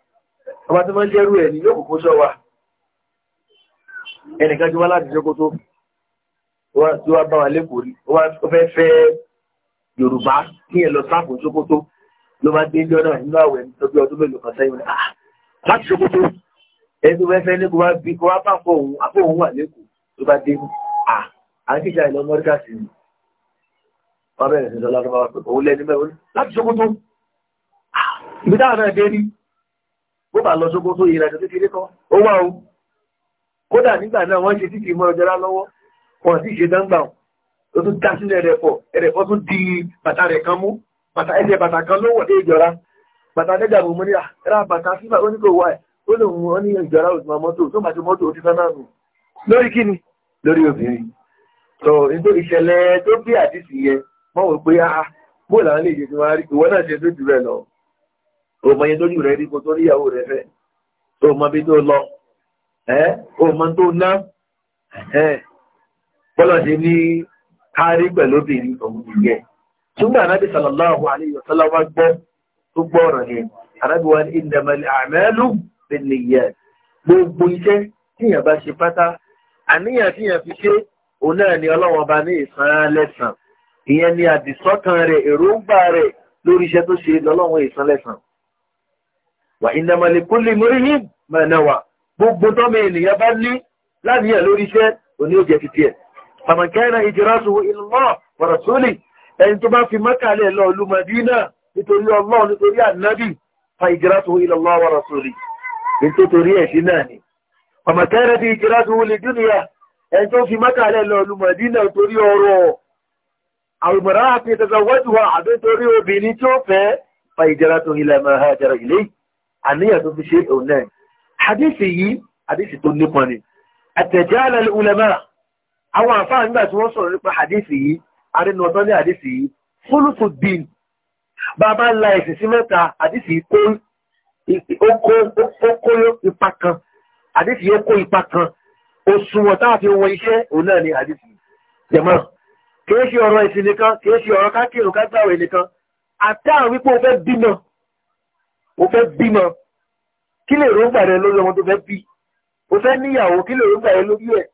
ọba tó mọ́ jẹ́rú ẹ̀ ní yóò kòkó ṣọ́wà ẹnìkan tí wá láti jẹ́kó tó tí wá bá wà lẹ́kọ̀ọ́ rí ó fẹ́ fẹ́ yorùbá kí ẹ lọ sáàpù ṣókótó ló bá gbé jọ náà nínú àwẹ̀ nítorí ọdún mélòó kan sẹ́yìn ní àá ah, láti ṣókótó ẹni tó fẹ́ fẹ́ ní kó wá bí kó wá bá fọ òun àpò òun wà lẹ́kọ̀ọ́ ló bá dé ah, à á ti ṣàìlọ mọ́ríkà sí i wọ́n bẹ̀rẹ̀ sí bó bá lọ sóko tó ìrìnàjò kékeré kan ó wá o kódà nígbà náà wọ́n ṣe títì mọ́ ọjọ́lá lọ́wọ́ wọn sì ṣe dáńgbà ó tún dá sílẹ̀ ẹ̀rẹ̀fọ̀ ẹ̀rẹ̀fọ̀ tún di bàtà rẹ̀ kan mú bàtà ẹsẹ̀ bàtà kan ló wọ̀ dé ìjọra bàtà dẹ́gbà mú mú ní ra bàtà síbà ó ní kò wá ẹ̀ ó lè wọ́n ní ìjọra òtún mọ́tò tó bàtà mọ́tò ó ti fẹ́ náà nù lórí kíni lórí obìnrin so ìṣẹ̀lẹ̀ tó bí àdìsí yẹ mọ́ wò pé ah bó làwọn lè ṣe ti wá rí ìwọ náà ṣe tó jù bẹ́ẹ̀ lọ o mọ iye lójú rẹ rí kó tó níyàwó rẹ fẹ́ o mọ bí tó lọ ẹ o mọ tó ná ẹ bọ́lá ṣe ní kárí pẹ̀lú obìnrin òun nìyẹn ṣùgbọ́n anábì sallallahu alayhi wa sallam wá gbọ́ tó gbọ́ ọ̀rọ̀ yẹn anábì wa ní innamal a'malu binniyat gbogbo iṣẹ́ tíyàn bá ṣe pátá àníyàn tíyàn fi ṣe òun náà ni ọlọ́wọ́n bá ní ìsan lẹ́sàn ìyẹn ni àdìsọ́kàn rẹ̀ èròǹgbà rẹ̀ lórí iṣẹ́ tó ṣe lọ́lọ́wọ́n ìsan lẹ́sàn wà ìnàmọ̀lẹ́kúnlé mọ́ríhìn mọ̀nàwà gbogbo tọ́mọ ènìyàn bá ní láníyàn lórí iṣẹ́ òní ó jẹ́ títí ẹ̀ àmàkẹ́rẹ́ ìjìrásù ìlúmọ̀ wàràsólì ẹni tó bá fi mọ́kàlẹ̀ lọ olùmọ̀dínà nítorí ọlọ́run nítorí ànábì fa ìjìrásù ìlúmọ̀ wàràsólì nítorí ẹ̀ṣí náà ni àmàkẹ́rẹ́ ti ìjìrásù olùdúnìyà ẹni tó fi mọ́kàlẹ̀ lọ olùmọ̀dínà nítorí ọrọ̀ àwòmọ̀rá àti ìtẹ̀sọ̀wọ́dùwà àbí nítorí obìnrin tí ó fẹ́ àníyàn tó fi ṣe òun náà hadisi yìí hadisi tó nípọn ni àtẹ̀jálà ulama àwọn àfáà nígbà tí wọ́n sọ̀rọ̀ nípa hadisi yìí arínú ọ̀tọ́ ní hadisi yìí fúlùfù bíi bàbá ńlá ẹ̀sìn sí mẹ́ta hadisi yìí kó ipa kan hadisi yìí kó ipa kan òṣùwọ̀n táà fi wọ iṣẹ́ òun náà ni hadisi yìí jẹ̀mọ́ kìí ṣe ọ̀rọ̀ ìsìn nìkan kìí ṣe ọ̀rọ̀ kákìrù kágbàwẹ̀ nìkan àtàwọn fẹ́ bímọ mo fẹ́ bímọ kí lè rógbà rẹ lórí ọmọ tó fẹ́ bí mo fẹ́ níyàwó kí lè rógbà rẹ lórí ẹ̀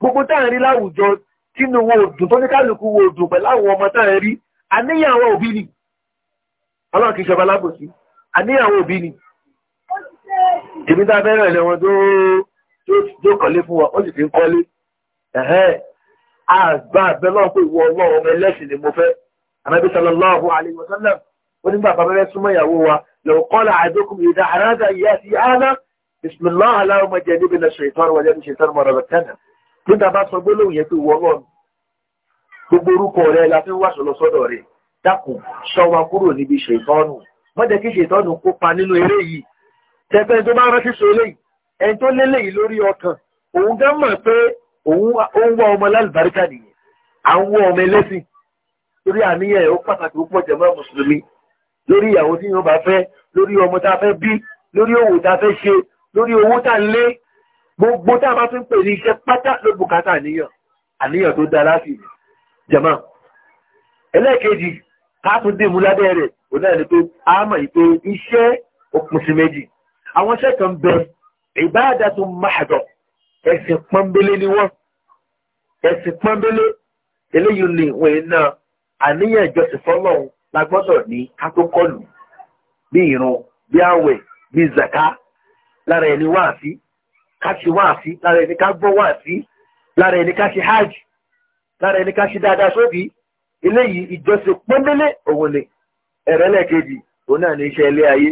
gbogbo táà ń rí láwùjọ tínú wo òdùn tó ní kálukú wo òdùn pẹ̀lú àwọn ọmọ táà ń rí àníyàn àwọn òbí ni ọlọ́run kì í ṣọba lábòsí àníyàn òbí ni èmi tá a fẹ́ràn wọn tó kọ́lé fún wa ó sì ti ń kọ́lé àgbà àbẹ́ náà pé ìwọ ọlọ́run ẹlẹ́sìn ni mo fẹ́ àmọ́bí sallallahu alayhi wa sallam ó nígbà bàbá fẹ́ لو قال احدكم إذا أراد أن يأتي هذا بسم الله اللهم جنبنا الشيطان وجنب الشيطان ما رزقتنا nígbà bá sọ gbólóhùn yẹn pé wọ́n lọ́nà gbogbo orúkọ rẹ̀ la fi ń wàṣọ lọ sọ́dọ̀ rẹ̀ dákun ṣọwa kúrò níbi ṣètọ́nù mọ́jẹ́ kí ṣètọ́nù kópa nínú eré yìí tẹ́fẹ́ tó bá rántí sọ eléyìí ẹni tó lélẹ̀ yìí lórí ọkàn òun gán mọ̀ pé òun wá ọmọ lálùbáríkà nìyẹn à ń wọ ọmọ ẹlẹ́sìn torí àníyàn ẹ̀ ó pàtàkì púpọ̀ jẹ̀mọ́ mùsùlùmí lórí ìyàwó tí yóò bá fẹ́ lórí ọmọ tá a fẹ́ bí lórí òwò tá a fẹ́ ṣe lórí owó tá a lé gbogbo tá a bá tún pè ní iṣẹ́ pátá ló bùkátà àníyàn àníyàn tó dára sí jẹ̀mọ́ ẹlẹ́ẹ̀kejì káàtún dìmú lábẹ́ rẹ̀ ò náà ni pé a mọ̀ pé iṣẹ́ òpin sí méjì àwọn iṣẹ́ kan bẹ ìbáàdá tó máàdọ̀ ẹ̀sìn pọ́nbélé ni wọ́n ẹ̀sìn pọ́nbélé eléyìí ni wọ́n iná àníyàn ìjọsìn fọ́lọ́hún la gbọ́dọ̀ ní ká tó kọlù bí ìran bí àwẹ̀ bí zaka lára ẹni wáàsí ká ṣe wáàsí lára ẹni ká gbọ́ wáàsí lára ẹni ká ṣe hajj lára ẹni ká ṣe dáadáa sóbì eléyìí ìjọsìn pọ́nbélé òun ni ẹ̀rẹ́lẹ̀ kejì òun náà ní iṣẹ́ ilé ayé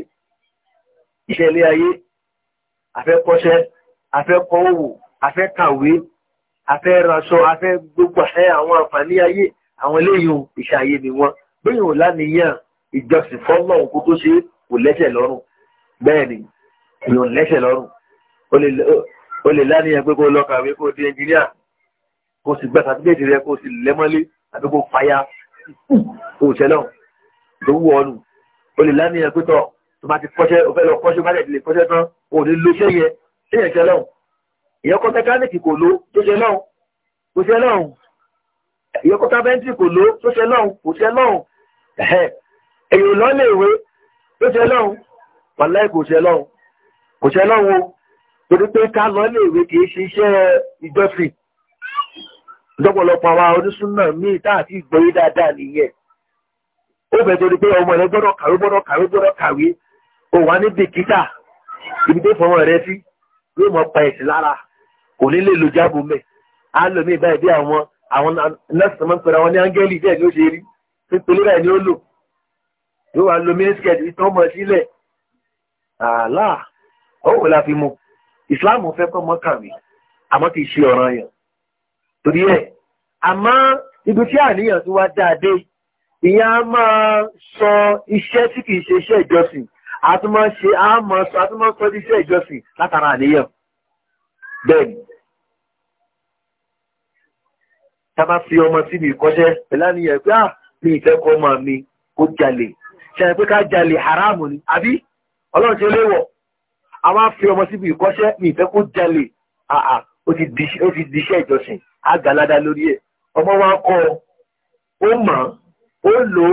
iṣẹ́ ilé ayé afẹ́kọ́ṣẹ́ afẹ́kọ́ afẹ́kàwé afẹ́ranṣọ afẹ́ gbogbo àwọn àǹfààní ayé àwọn eléyìí iṣẹ́ ni wọ́n bẹ́ẹ̀ ò lánìyàn ìjọsìn fọ́nà òkú tó ṣe kò lẹ́sẹ̀ lọ́rùn bẹ́ẹ̀ ni èèyàn lẹ́sẹ̀ lọ́rùn o lè lánìyàn pé kó lọ kàwé kó di ẹnjìníà kó sì gba sàtífẹ́ẹ̀tì rẹ kó sì lẹ́mọ́lé àbí kó fàyà kó sẹ́lọ̀ tó wù ọ́nù o lè lánìyàn pé tọ́ tó bá ti kọ́ṣẹ́ o fẹ́ lọ kọ́ṣẹ́ bá lẹ̀ lè kọ́ṣẹ́ tán o lè lo iṣẹ́ yẹn ṣéyẹn sẹ́lọ̀ ìyẹn kọ́ mẹkáníìkì kò ló tó sẹ́lọ̀ kò sẹ́lọ̀ ìyẹn kọ́ kábẹ́ńtì kò ló tó sẹ́lọ̀ kò sẹ́lọ̀ èyàn lọ lè wé tó ṣe lọ́hùn wàláì kò ṣe lọ́hùn kò ṣe lọ́hùn o torí pé ká lọ lè wé kì í ṣe iṣẹ́ ìjọsìn ìjọpọ̀lọpọ̀ àwọn onísúnà míì tá àti ìgbọ́yé dáadáa nìyẹn ó bẹ̀ torí pé ọmọ rẹ gbọ́dọ̀ kàwé gbọ́dọ̀ kàwé gbọ́dọ̀ kàwé ó wà ní bìkítà ibi tó fọwọ́ rẹ sí yóò mọ pa ẹ̀sìn lára kò ní lè lo jáàbù mẹ́ á lò mí báyìí bí àwọn àwọn nọ́ọ̀sì tó máa ń pẹ̀lú àwọn ní áńgẹ́lì bẹ́ẹ̀ ni ó ṣe rí pípele rẹ̀ ni ó lò yóò wá lo miniskirt ìtàn ọmọ sílẹ̀ àlá ọwọ́ la fi mu ìsìláàmù fẹ́ kọ́ mọ́ kàwé àmọ́ kì í ṣe ọ̀ràn yàn torí ẹ̀ àmọ́ ibi tí àníyàn tí wá dáadé ìyẹn a máa sọ iṣẹ́ tí kì í ṣe iṣẹ́ ìjọsìn àtúmọ̀ ṣe àmọ́ sọ àtúmọ̀ sọ iṣẹ́ ìjọsìn látara àníyàn bẹ́ẹ̀ni tá a bá fi ọmọ síbi ìkọ́ṣẹ́ pẹ̀lú àníyàn pé ah mi ìfẹ́ kọ́ máa mi kó jalè ṣẹlẹ̀ pé ká jalè haramu ni àbí ọlọ́run ṣe léwọ̀ a máa fi ọmọ síbi ìkọ́ṣẹ́ mi ìfẹ́ kó jalè àà ó ti diṣẹ́ ìjọsìn àgàládá lórí ẹ̀ ọmọ wa kọ́ ó mọ̀ ó lò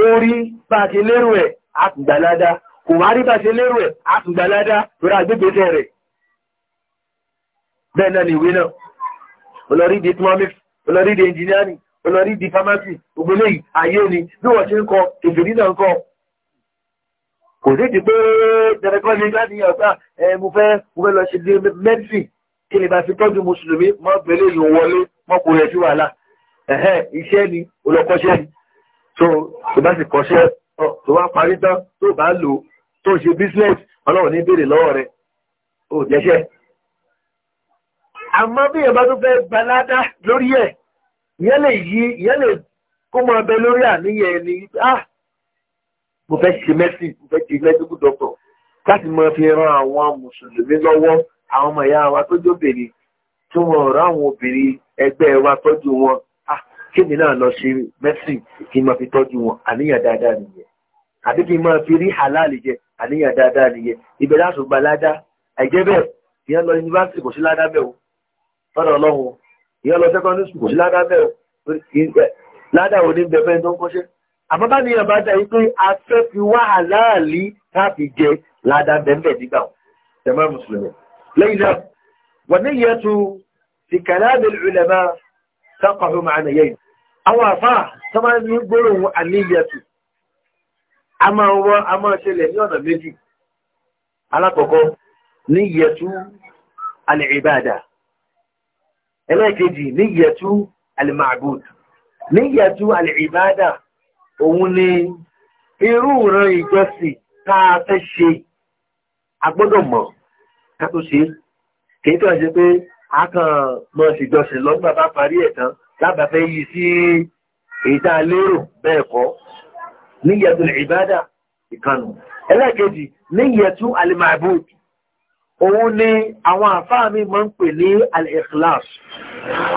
ó rí bá a ṣe lérò ẹ̀ àtùgbàládá kò wá rí bá a ṣe lérò ẹ̀ àtùgbàládá lórí agbègbè rẹ̀ bẹ́ẹ̀ náà ni ìwé náà olórí di economics olórí di engineering olórí di pharmacy ògbélé ayé ni bí wọ́n ṣe ń kọ kèfèrí náà ń kọ kò sí ti pé dẹ̀rẹ̀kọ́ ni láti yàn pé ah, ẹ mo fẹ́ mo fẹ́ lọ ṣe dé medicine kí ni bá fi tọ́jú mùsùlùmí mọ́ pẹ̀lẹ́ ìlú wọlé mọ́kùnrin ẹ̀sùn wàhálà ẹ̀hẹ́ iṣẹ́ ni olọ́kọ́ṣẹ́ ni so tó bá sì kọ́ṣẹ́ tó wá parí tán tó bá lò tó ṣe business ọlọ́run ní béèrè lọ́wọ́ rẹ̀ ó jẹ́ṣẹ́ àmọ́ bí èèyàn bá fẹ́ gbaládá ìyẹn lè yí ìyẹn lè kó máa bẹ lórí àníyàn ẹni ah mo fẹ́ ṣe mẹ́sìn mo fẹ́ ṣe mẹ́sìnkú dọ́tọ̀ láti máa fi ran àwọn mùsùlùmí lọ́wọ́ àwọn ọmọ ìyá wa tó jóbìnrin tí wọn ọ̀rọ̀ àwọn obìnrin ẹgbẹ́ wa tọ́jú wọn ah kémi náà lọ ṣe mẹ́sìn kí n máa fi tọ́jú wọn àníyàn dáadáa nìyẹn àbí kí n máa fi rí halal jẹ àníyàn dáadáa nìyẹn ibẹ̀ láti gba ládá àìjẹ́ bẹ́ẹ̀ ìyẹn lọ yunifásitì kò sí ládá bẹ́ẹ̀ o fọ́dọ̀ ọlọ́run ìyẹn lọ secondary school kò sí ládàá bẹ́ẹ̀ ládàá wo ní bẹ fẹ́ tó ń kọ́ṣẹ́ àmọ́ bá nìyẹn bá dá yìí pé a fẹ́ fi wá àláàlí káàfi jẹ ládàá bẹ́ẹ̀ nígbà wọn tẹ̀mọ́ mùsùlùmí lẹ́yìn náà wọ́n ní yẹn tu ti kàláàbẹ̀ ìrìnlẹ̀mọ́ sákọ̀ọ́ máa nìyẹn yìí àwọn àfà sọ́mọ́ ní gbólóhùn àníyẹ̀ tu a máa wọ́ a máa ṣẹlẹ̀ ní ọ̀nà méjì alákọ̀ọ́kọ́ ní yẹtu alìbàdà ẹlẹ́ẹ̀kejì níyẹ̀tú alimaabud níyẹ̀tú alìbádà òun ni irú ìran ìjọsìn tá a fẹ́ ṣe a gbọ́dọ̀ mọ̀ ká tó ṣe kì í kàn ṣe pé a kàn mọ̀ ṣèjọsìn lọ́gbà bá parí ẹ̀ tán lábàá fẹ́ yí sí èyí lérò bẹ́ẹ̀ kọ́ níyẹ̀tú alìbádà ìkànnù ẹlẹ́ẹ̀kejì níyẹ̀tú alimaabud òun ni àwọn àfáà mi máa ń pè ní al-ikhlas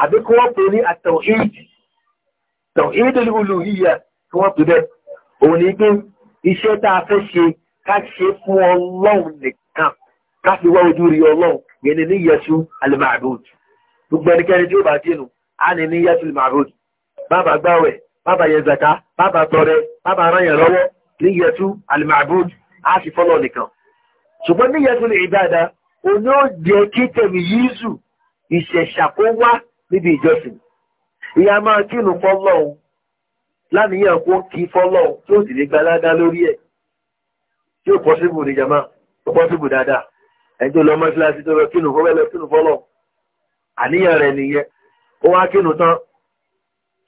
àbí kí wọ́n pè ní at-tawhid tawhid al-uluhiyya kí wọ́n pè bẹ́ẹ̀ òun ni pé iṣẹ́ tá a fẹ́ ṣe ká ṣe fún ọlọ́run nìkan ká fi wá ojú rí ọlọ́run yẹn ni níyẹsù al-ma'bud gbogbo ẹnikẹ́ni tí ó bá dínú á ní níyẹsù al-ma'bud bàbá gbáwẹ̀ bàbá yẹn zaka bàbá tọrẹ bàbá rányàn lọ́wọ́ níyẹsù al-ma'bud á sì fọ́lọ́ nìkan ṣùgbọ́n ní yẹtu lè dáadáa òní ó jẹ́ kí tẹ̀mí yíṣù ìṣẹ̀ṣà kó wá níbi ìjọsìn ìyá máa kírun fọlọ́hún láníyàn kó kí fọlọ́hún tí ó sì lè gbalada lórí ẹ̀ tí ó pọ́sibù ní jama ó pọ́sibù dáadáa ẹni tó lọ mọ́ṣáláṣí tó lọ kírun fọlọ́ lọ kírun fọlọ́ àníyàn rẹ̀ nìyẹn ó wá kírun tán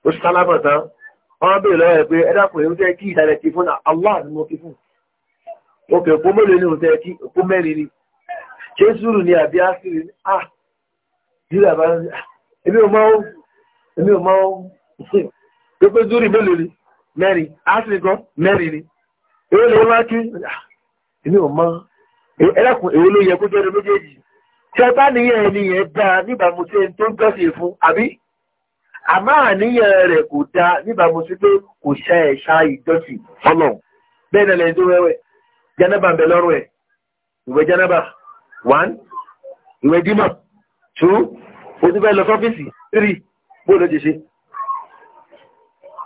ó ṣálámọ̀ tán wọ́n bèèrè lọ́wọ́ ẹ̀ pé ẹ dákun èyí tẹ́ kí ìdálẹ́ kí fún Allah ni mo kí fún òkè òpó mélòó ní òtẹ́ kí òpó mẹ́rin ni ṣé sùúrù ni àbí àṣírí ni à ah! jírí àbá ah! èmi ò máa ń èmi ò máa ń pé pé sùúrù mélòó ni mẹ́rin àṣírí kan mẹ́rin ni èwo lè wá kí ah! èmi ò máa ẹlẹ́kùn èwo ló yẹ kó jẹ́ méjèèjì ṣẹpá nìyẹn nìyẹn dáa níbàámu sí ẹni tó ń jọ́sìn fún àbí àmọ́ àníyàn rẹ̀ kò dáa níbàámu sí pé kò ṣe jẹ́nẹ́bà ń bẹ lọ́rùn ẹ̀ ìwé jẹ́nẹ́bà one ìwé dima, two o ti fẹ́ lọ sọ́fíìsì three bó ló ti ṣe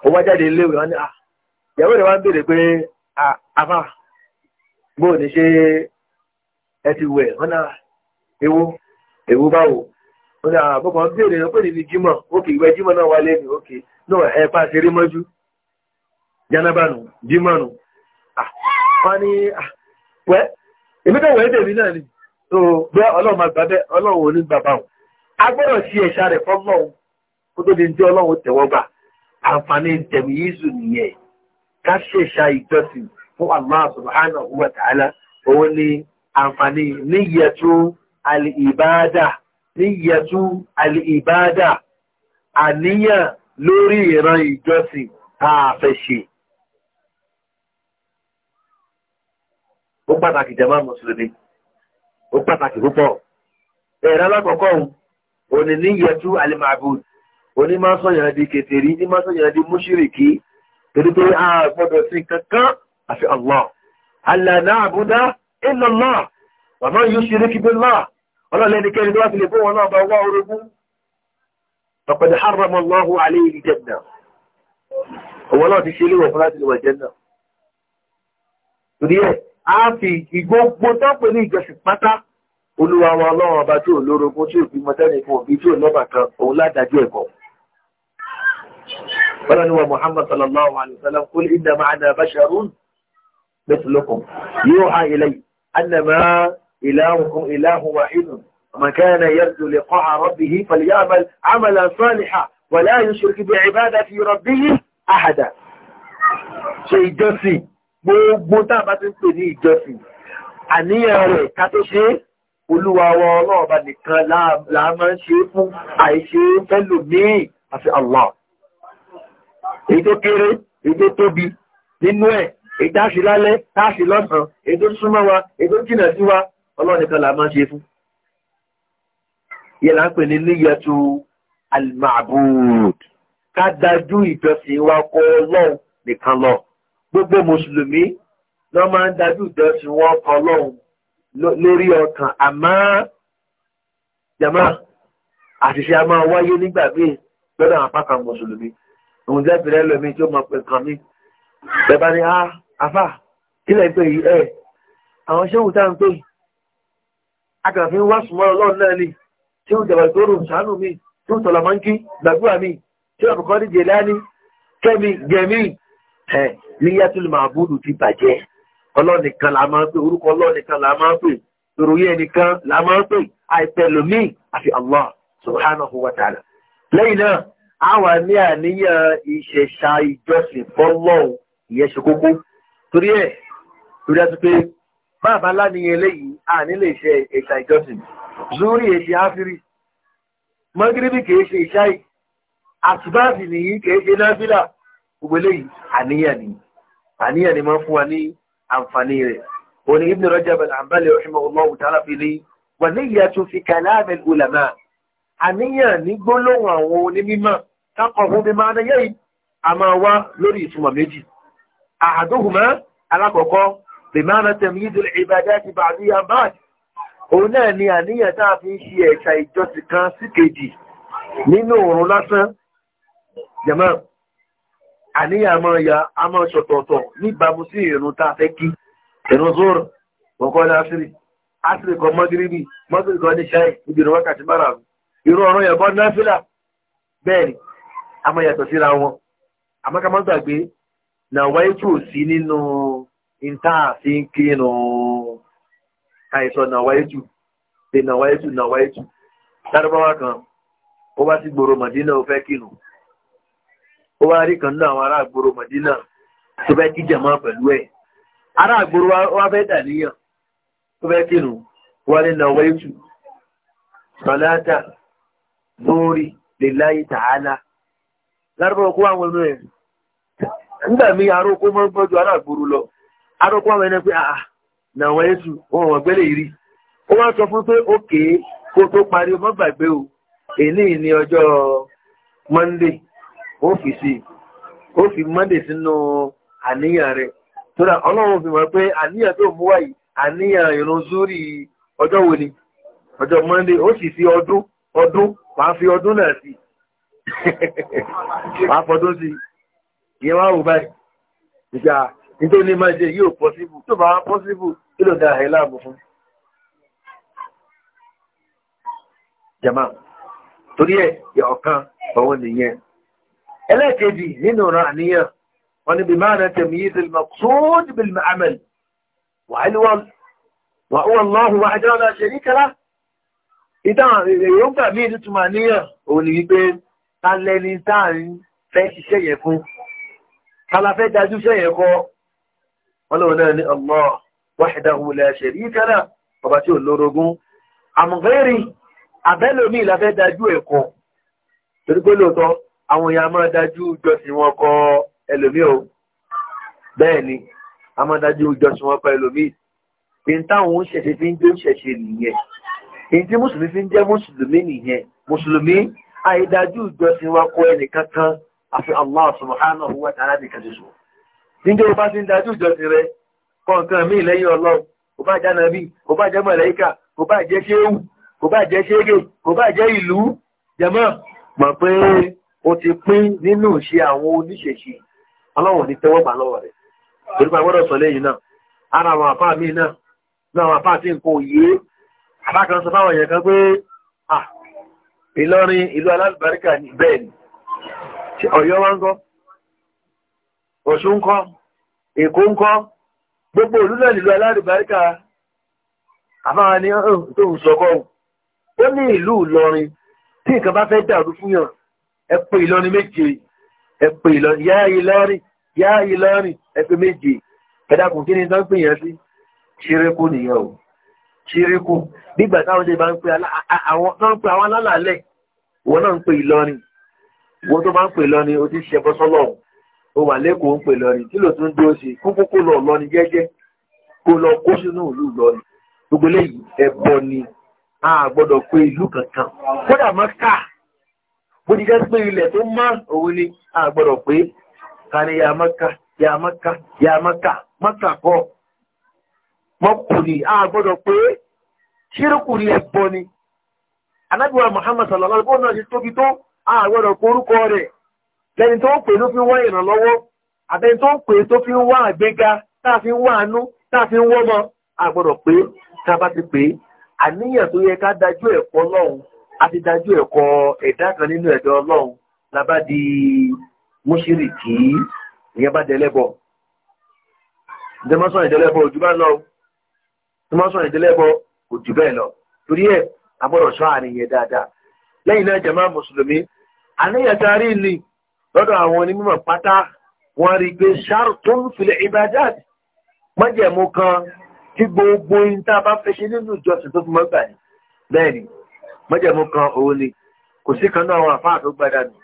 o wá jáde ilé ìwé wọn ni à ah. ìyàwó rẹ̀ wá ń béèrè pé àfà ah, bó ní ṣe ẹ ti wẹ̀ wọn náà ah, ewu ewu báwo wọn ni àbọ̀kọ̀ ń béèrè pé ní jímọ̀ òkè ìwé jímọ̀ náà wálé ní òkè náà ẹ̀ pa ṣeré mọ́jú jẹ́nẹ́bà nù jímọ̀ ah wọ́n ní ah, wẹ́ èmi kẹ́ wẹ́ẹ́ dèmi náà ni tó bẹ́ ọlọ́run máa gbàbẹ́ ọlọ́run ò ní gbàbá wọn a gbọ́dọ̀ ṣe ẹ̀ṣà rẹ̀ fọ́lọ́run kó tó di ní tí ọlọ́run tẹ̀wọ́ àǹfààní tẹ̀mí yíṣù nìyẹn ká ṣe ẹ̀ṣà ìjọsìn fún Allah subhanahu wa ta'ala òun ni àǹfààní níyẹtú alìbáadà níyẹtú alìbáadà àníyàn lórí ìran ìjọsìn tá a fẹ́ ṣe. ó pàtàkì jama mùsùlùmí ó pàtàkì púpọ̀ ẹ̀rọ alákọ̀ọ́kọ́ òní ní yẹtu alimaabud òní máa ń sọ̀yàn di kẹtẹ̀rí ní máa ń sọ̀yàn di mùṣírìkì torí pé a gbọ́dọ̀ sí kankan àfi Allah Allah na'budu illa Allah wa man yushrik billah ọlọ́lẹ́nikẹ́ni tó wá fi lè fún wọn náà bá wá orogún فقد حرم الله عليه الجنة هو لا تشيله وفلات a fi ìgbogbo tó pè ní ìjọsìn pátá olúwa wa ọlọ́run ọba tí ò lórogún tí ò bímọ tẹ́lẹ̀ fún òbí tí ò lọ́bà kan òun ládájọ́ ẹ̀kọ́ bọ́lọ́niwa muhammad sallallahu alayhi wa sallam kul innama ana basharun mithlukum yuha ilayya annama ilahukum ilahun wahidun man kana yarju liqa'a rabbih falyamal amalan salihan wa la yushrik bi ibadati rabbih ahada ṣe ìjọsìn gbogbo tá a bá ti ń pè ní ìjọsìn àníyàn rẹ̀ ká tó ṣe é olúwa wa ọlọ́ọ̀bá nìkan láà máa ń ṣe é fún àìṣe fẹ́lò míì àti Allah èyí tó kéré èyí tó tóbi nínú ẹ̀ èyí tá a ṣe lálẹ́ tá a ṣe lọ́sàn èyí tó súnmọ́ wa èyí tó jìnà sí wa ọlọ́ọ̀ nìkan láà máa ṣe fún yẹ ń pè ní níyẹtu al ká dájú ìjọsìn wa kọ ọlọ́ọ̀ nìkan lọ́ọ̀ gbogbo mùsùlùmí ló máa ń dájú ìjọsìn wọn kọ lọ́hùn lórí ọkàn àmọ́ jama àṣìṣe a máa wáyé nígbà míì lọ́dọ̀ àwọn apá kan mùsùlùmí òun jẹ́ ìpínlẹ̀ lómi tí ó mọ pé kàn mí bẹ́ẹ̀ ni àfà kílẹ̀ ń pè yí ẹ̀ àwọn ṣéwù tá à ń pè akàfin wá súnmọ́ ọlọ́run náà ni tí ó jẹ̀bà tó rùn mi tí ó tọ̀lọ̀ mọ́ńkí gbàgbúwà mi tí ó àbùkọ́ díje láni kẹ́mi gẹ̀mí ẹ níyàtúlù máa búdù ti bàjẹ́ ọlọ́nìkan la máa ń pè orúkọ ọlọ́nìkan la máa ń pè ìròyìn ẹnìkan la máa ń pè àìpẹlòmíì àfi allah subhanahu wa ta'ala lẹ́yìn náà a wà ní àníyàn ìṣẹ̀ṣà ìjọsìn fọ́lọ́hùn ìyẹn ṣe kókó torí ẹ̀ torí ẹ̀ pé bàbá láníyàn eléyìí a nílé iṣẹ́ ẹ̀ṣà ìjọsìn zúrí èṣì áfírí mọ́gíríbì kìí ṣe ìṣáì àtúbáàsì nìyí kìí ṣe náfílà gbogbo eléyìí àníyàn ni àníyàn ni máa ń fún wa ní àǹfààní rẹ̀ òní ibn rajab al-hanbali rahimahullahu ta'ala fi ní wà ní ìyá tó fi kalam al-ulama àníyàn ní gbólóhùn àwọn onímọ̀ kákọ̀ fún mi máa náyẹ́ yìí a máa wá lórí ìtumọ̀ méjì ahaduhuma alákọ̀ọ́kọ́ bimana tamyizul ibadati ba'diha ba'd òun náà ni àníyàn tá a fi ń ṣe ẹ̀ṣà ìjọsìn kan sí kejì nínú òrùn lásán jẹ̀mọ́ àníyàn máa ya a máa ṣọ̀tọ̀ọ̀tọ̀ níbàmú sí ìrún tá a fẹ́ kí ìrún zoro kọ̀ọ̀kan ní asiri asiri kan mọ́gíríbì mọ́gíríbì kan ní ṣáì níbi ìrún wákàtí mara irú ọ̀rọ̀ yẹn bọ́ náfìlà bẹ́ẹ̀ ni a máa yàtọ̀ síra wọn àmọ́ gbàgbé na wáyé tó sí nínú ìntààfin kínú àìsàn na wáyé tó ṣe na wáyé tó na wáyé tó sáré bá wá kan ó wá sí gbòòrò màdínà ó fẹ́ kínú. ó wá rí kan náà àwọn ará àgbòrò mọ̀dínà tó fẹ́ kí jẹ̀mọ́ pẹ̀lú ẹ̀ ará àgbòrò wá fẹ́ dàníyàn tó fẹ́ kínú wọ́n ní náà wẹ́ẹ̀tù sọ̀láta lórí lè láyé tààlà lárúbọ̀ kó ẹ̀ lọ ẹni pé àà ah, ah, wọn gbẹ́lẹ̀ ìrí ó wá sọ fún pé ókè kó tó parí ọmọ gbàgbé ó fi sí ó fi monday sínú àníyàn rẹ̀ ọlọ́run fi mọ̀ pé àníyàn tó mú wáyìí àníyàn ọjọ́ wo ni ọjọ́ monday ó sì si ọdún ọdún wàá fi ọdún náà sí wàá fọdún sí ìyẹn wá wò báyìí ìgbà nítorí máa jẹ yóò pọ́síbù tó bá wá pọ́síbù kí ló da fún jama torí ẹlẹ́ẹ̀kejì nínú ọ̀rọ̀ àníyàn wọn ni bimá na tẹ̀míyí tó lè sóòdì bí lè amẹ́l wà ó wọn lọ́hùn wà ájọ́ ọ̀la ṣe ní kẹlá ìdáhùn èròǹgbà míì tó túmọ̀ àníyàn òun ni wípé ta lẹni tá à ń fẹ́ ṣiṣẹ́ yẹn fún ta la fẹ́ dájú ẹ̀kọ́ torí pé àwọn èèyàn máa dájú jọsìn wọn kọ ẹlòmí o bẹ́ẹ̀ ni a máa dájú jọsìn wọn kọ ẹlòmí ìyẹn táwọn ṣẹ̀ṣẹ̀ fi ń jó ṣẹ̀ṣẹ̀ nìyẹn èyí tí mùsùlùmí fi ń jẹ́ mùsùlùmí nìyẹn mùsùlùmí àìdájú ìjọsìn wa kọ ẹnìkan kan àfi Allah subhanahu wa ta'ala nìkan ṣoṣo níjẹ́ o bá ti ń dájú ìjọsìn rẹ kọ nǹkan míì lẹ́yìn ọlọ́run kò bá jẹ́ nàbí kò bá jẹ́ mọ̀lẹ́kà kò bá jẹ́ ṣéwù kò bá jẹ́ ṣége kò bá jẹ́ ìlú jẹmọ́ mọ̀ pé ó ti pín nínú ṣe àwọn oníṣẹ̀ṣe ọlọ́wọ̀n ní tẹ́wọ́ lọ́wọ́ rẹ̀ torí gbọ́dọ̀ sọ lẹ́yìn náà ara àwọn àfáà míì náà ní àwọn àfáà tí nǹkan òye àbákan sọ fáwọn èèyàn kan pé à Ìlọrin ìlú alálùbáríkà ní bẹ́ẹ̀ ni Ọ̀yọ́ wá ń kọ́ Ọ̀ṣun kọ́ Èkó ń kọ́ gbogbo òlú náà nílùú alálùbáríkà àfáà ni tó ń sọkọ́ ó ní ìlú Ìlọrin tí nǹkan bá fẹ́ dàrú fún ẹ pé ìlọrin méje ẹ pé ìlọrin yá ìlọrin yá ìlọrin ẹ pé méje ẹ dákun kí ni tán pè yẹn sí ṣíríkù nìyẹn o ṣíríkù nígbà táwọn ṣe bá ń pè àwọn tó ń pè àwọn alálàálẹ̀ wọn náà ń pè ìlọrin wọn tó bá ń pè ìlọrin o ti ṣẹbọ sọlọ o wà lẹkọọ ń pè ìlọrin tí lò tún dúró sí kókó kó lọ lọrin jẹjẹ kó lọ kó sínú ìlú ìlọrin gbogbo eléyìí ẹbọ ni a gbọdọ pé ìlú kankan kódà mọ káà bó ti jẹ́ pé ilẹ̀ tó má òun ni a gbọ́dọ̀ pé ká ní ya mọ́ká ya mọ́ká ya mọ́ká mọ́ká kọ́ mọ́kù a gbọ́dọ̀ pé ṣírùkù ni ni anábìwá Muhammad sallallahu alaihi wasallam náà ṣe tóbi tó a gbọ́dọ̀ pé orúkọ rẹ̀ lẹ́ni tó ń pè ló fi wá ìrànlọ́wọ́ àtẹni tó ń pè tó fi ń wá àgbéga tá a fi ń wá àánú tá a fi ń wọ́mọ a gbọ́dọ̀ pé tá a bá ti pè àníyàn tó yẹ ká dájú ẹ̀kọ́ lọ́hùn àti dájú ẹ̀kọ́ ẹ̀dá kan nínú ẹ̀dọ́ ọlọ́run labá di mọ́ṣírì kí ìyẹn bá dẹ̀lẹ́bọ̀ ìdẹ́mọ́sán ìdẹ́lẹ́bọ̀ ojú bá lọ ìdẹ́mọ́sán ìdẹ́lẹ́bọ̀ ojú bẹ́ẹ̀ lọ torí ẹ̀ agbọ́dọ̀ sọ àníyàn dáadáa lẹ́yìn náà jẹ̀má mùsùlùmí àníyàn tarí ni lọ́dọ̀ àwọn onímọ̀ pátá bẹ́ẹ̀ ni mọ́jẹ̀mú kan òun ni kò sí kan náà àwọn àfáà tó gbádà nù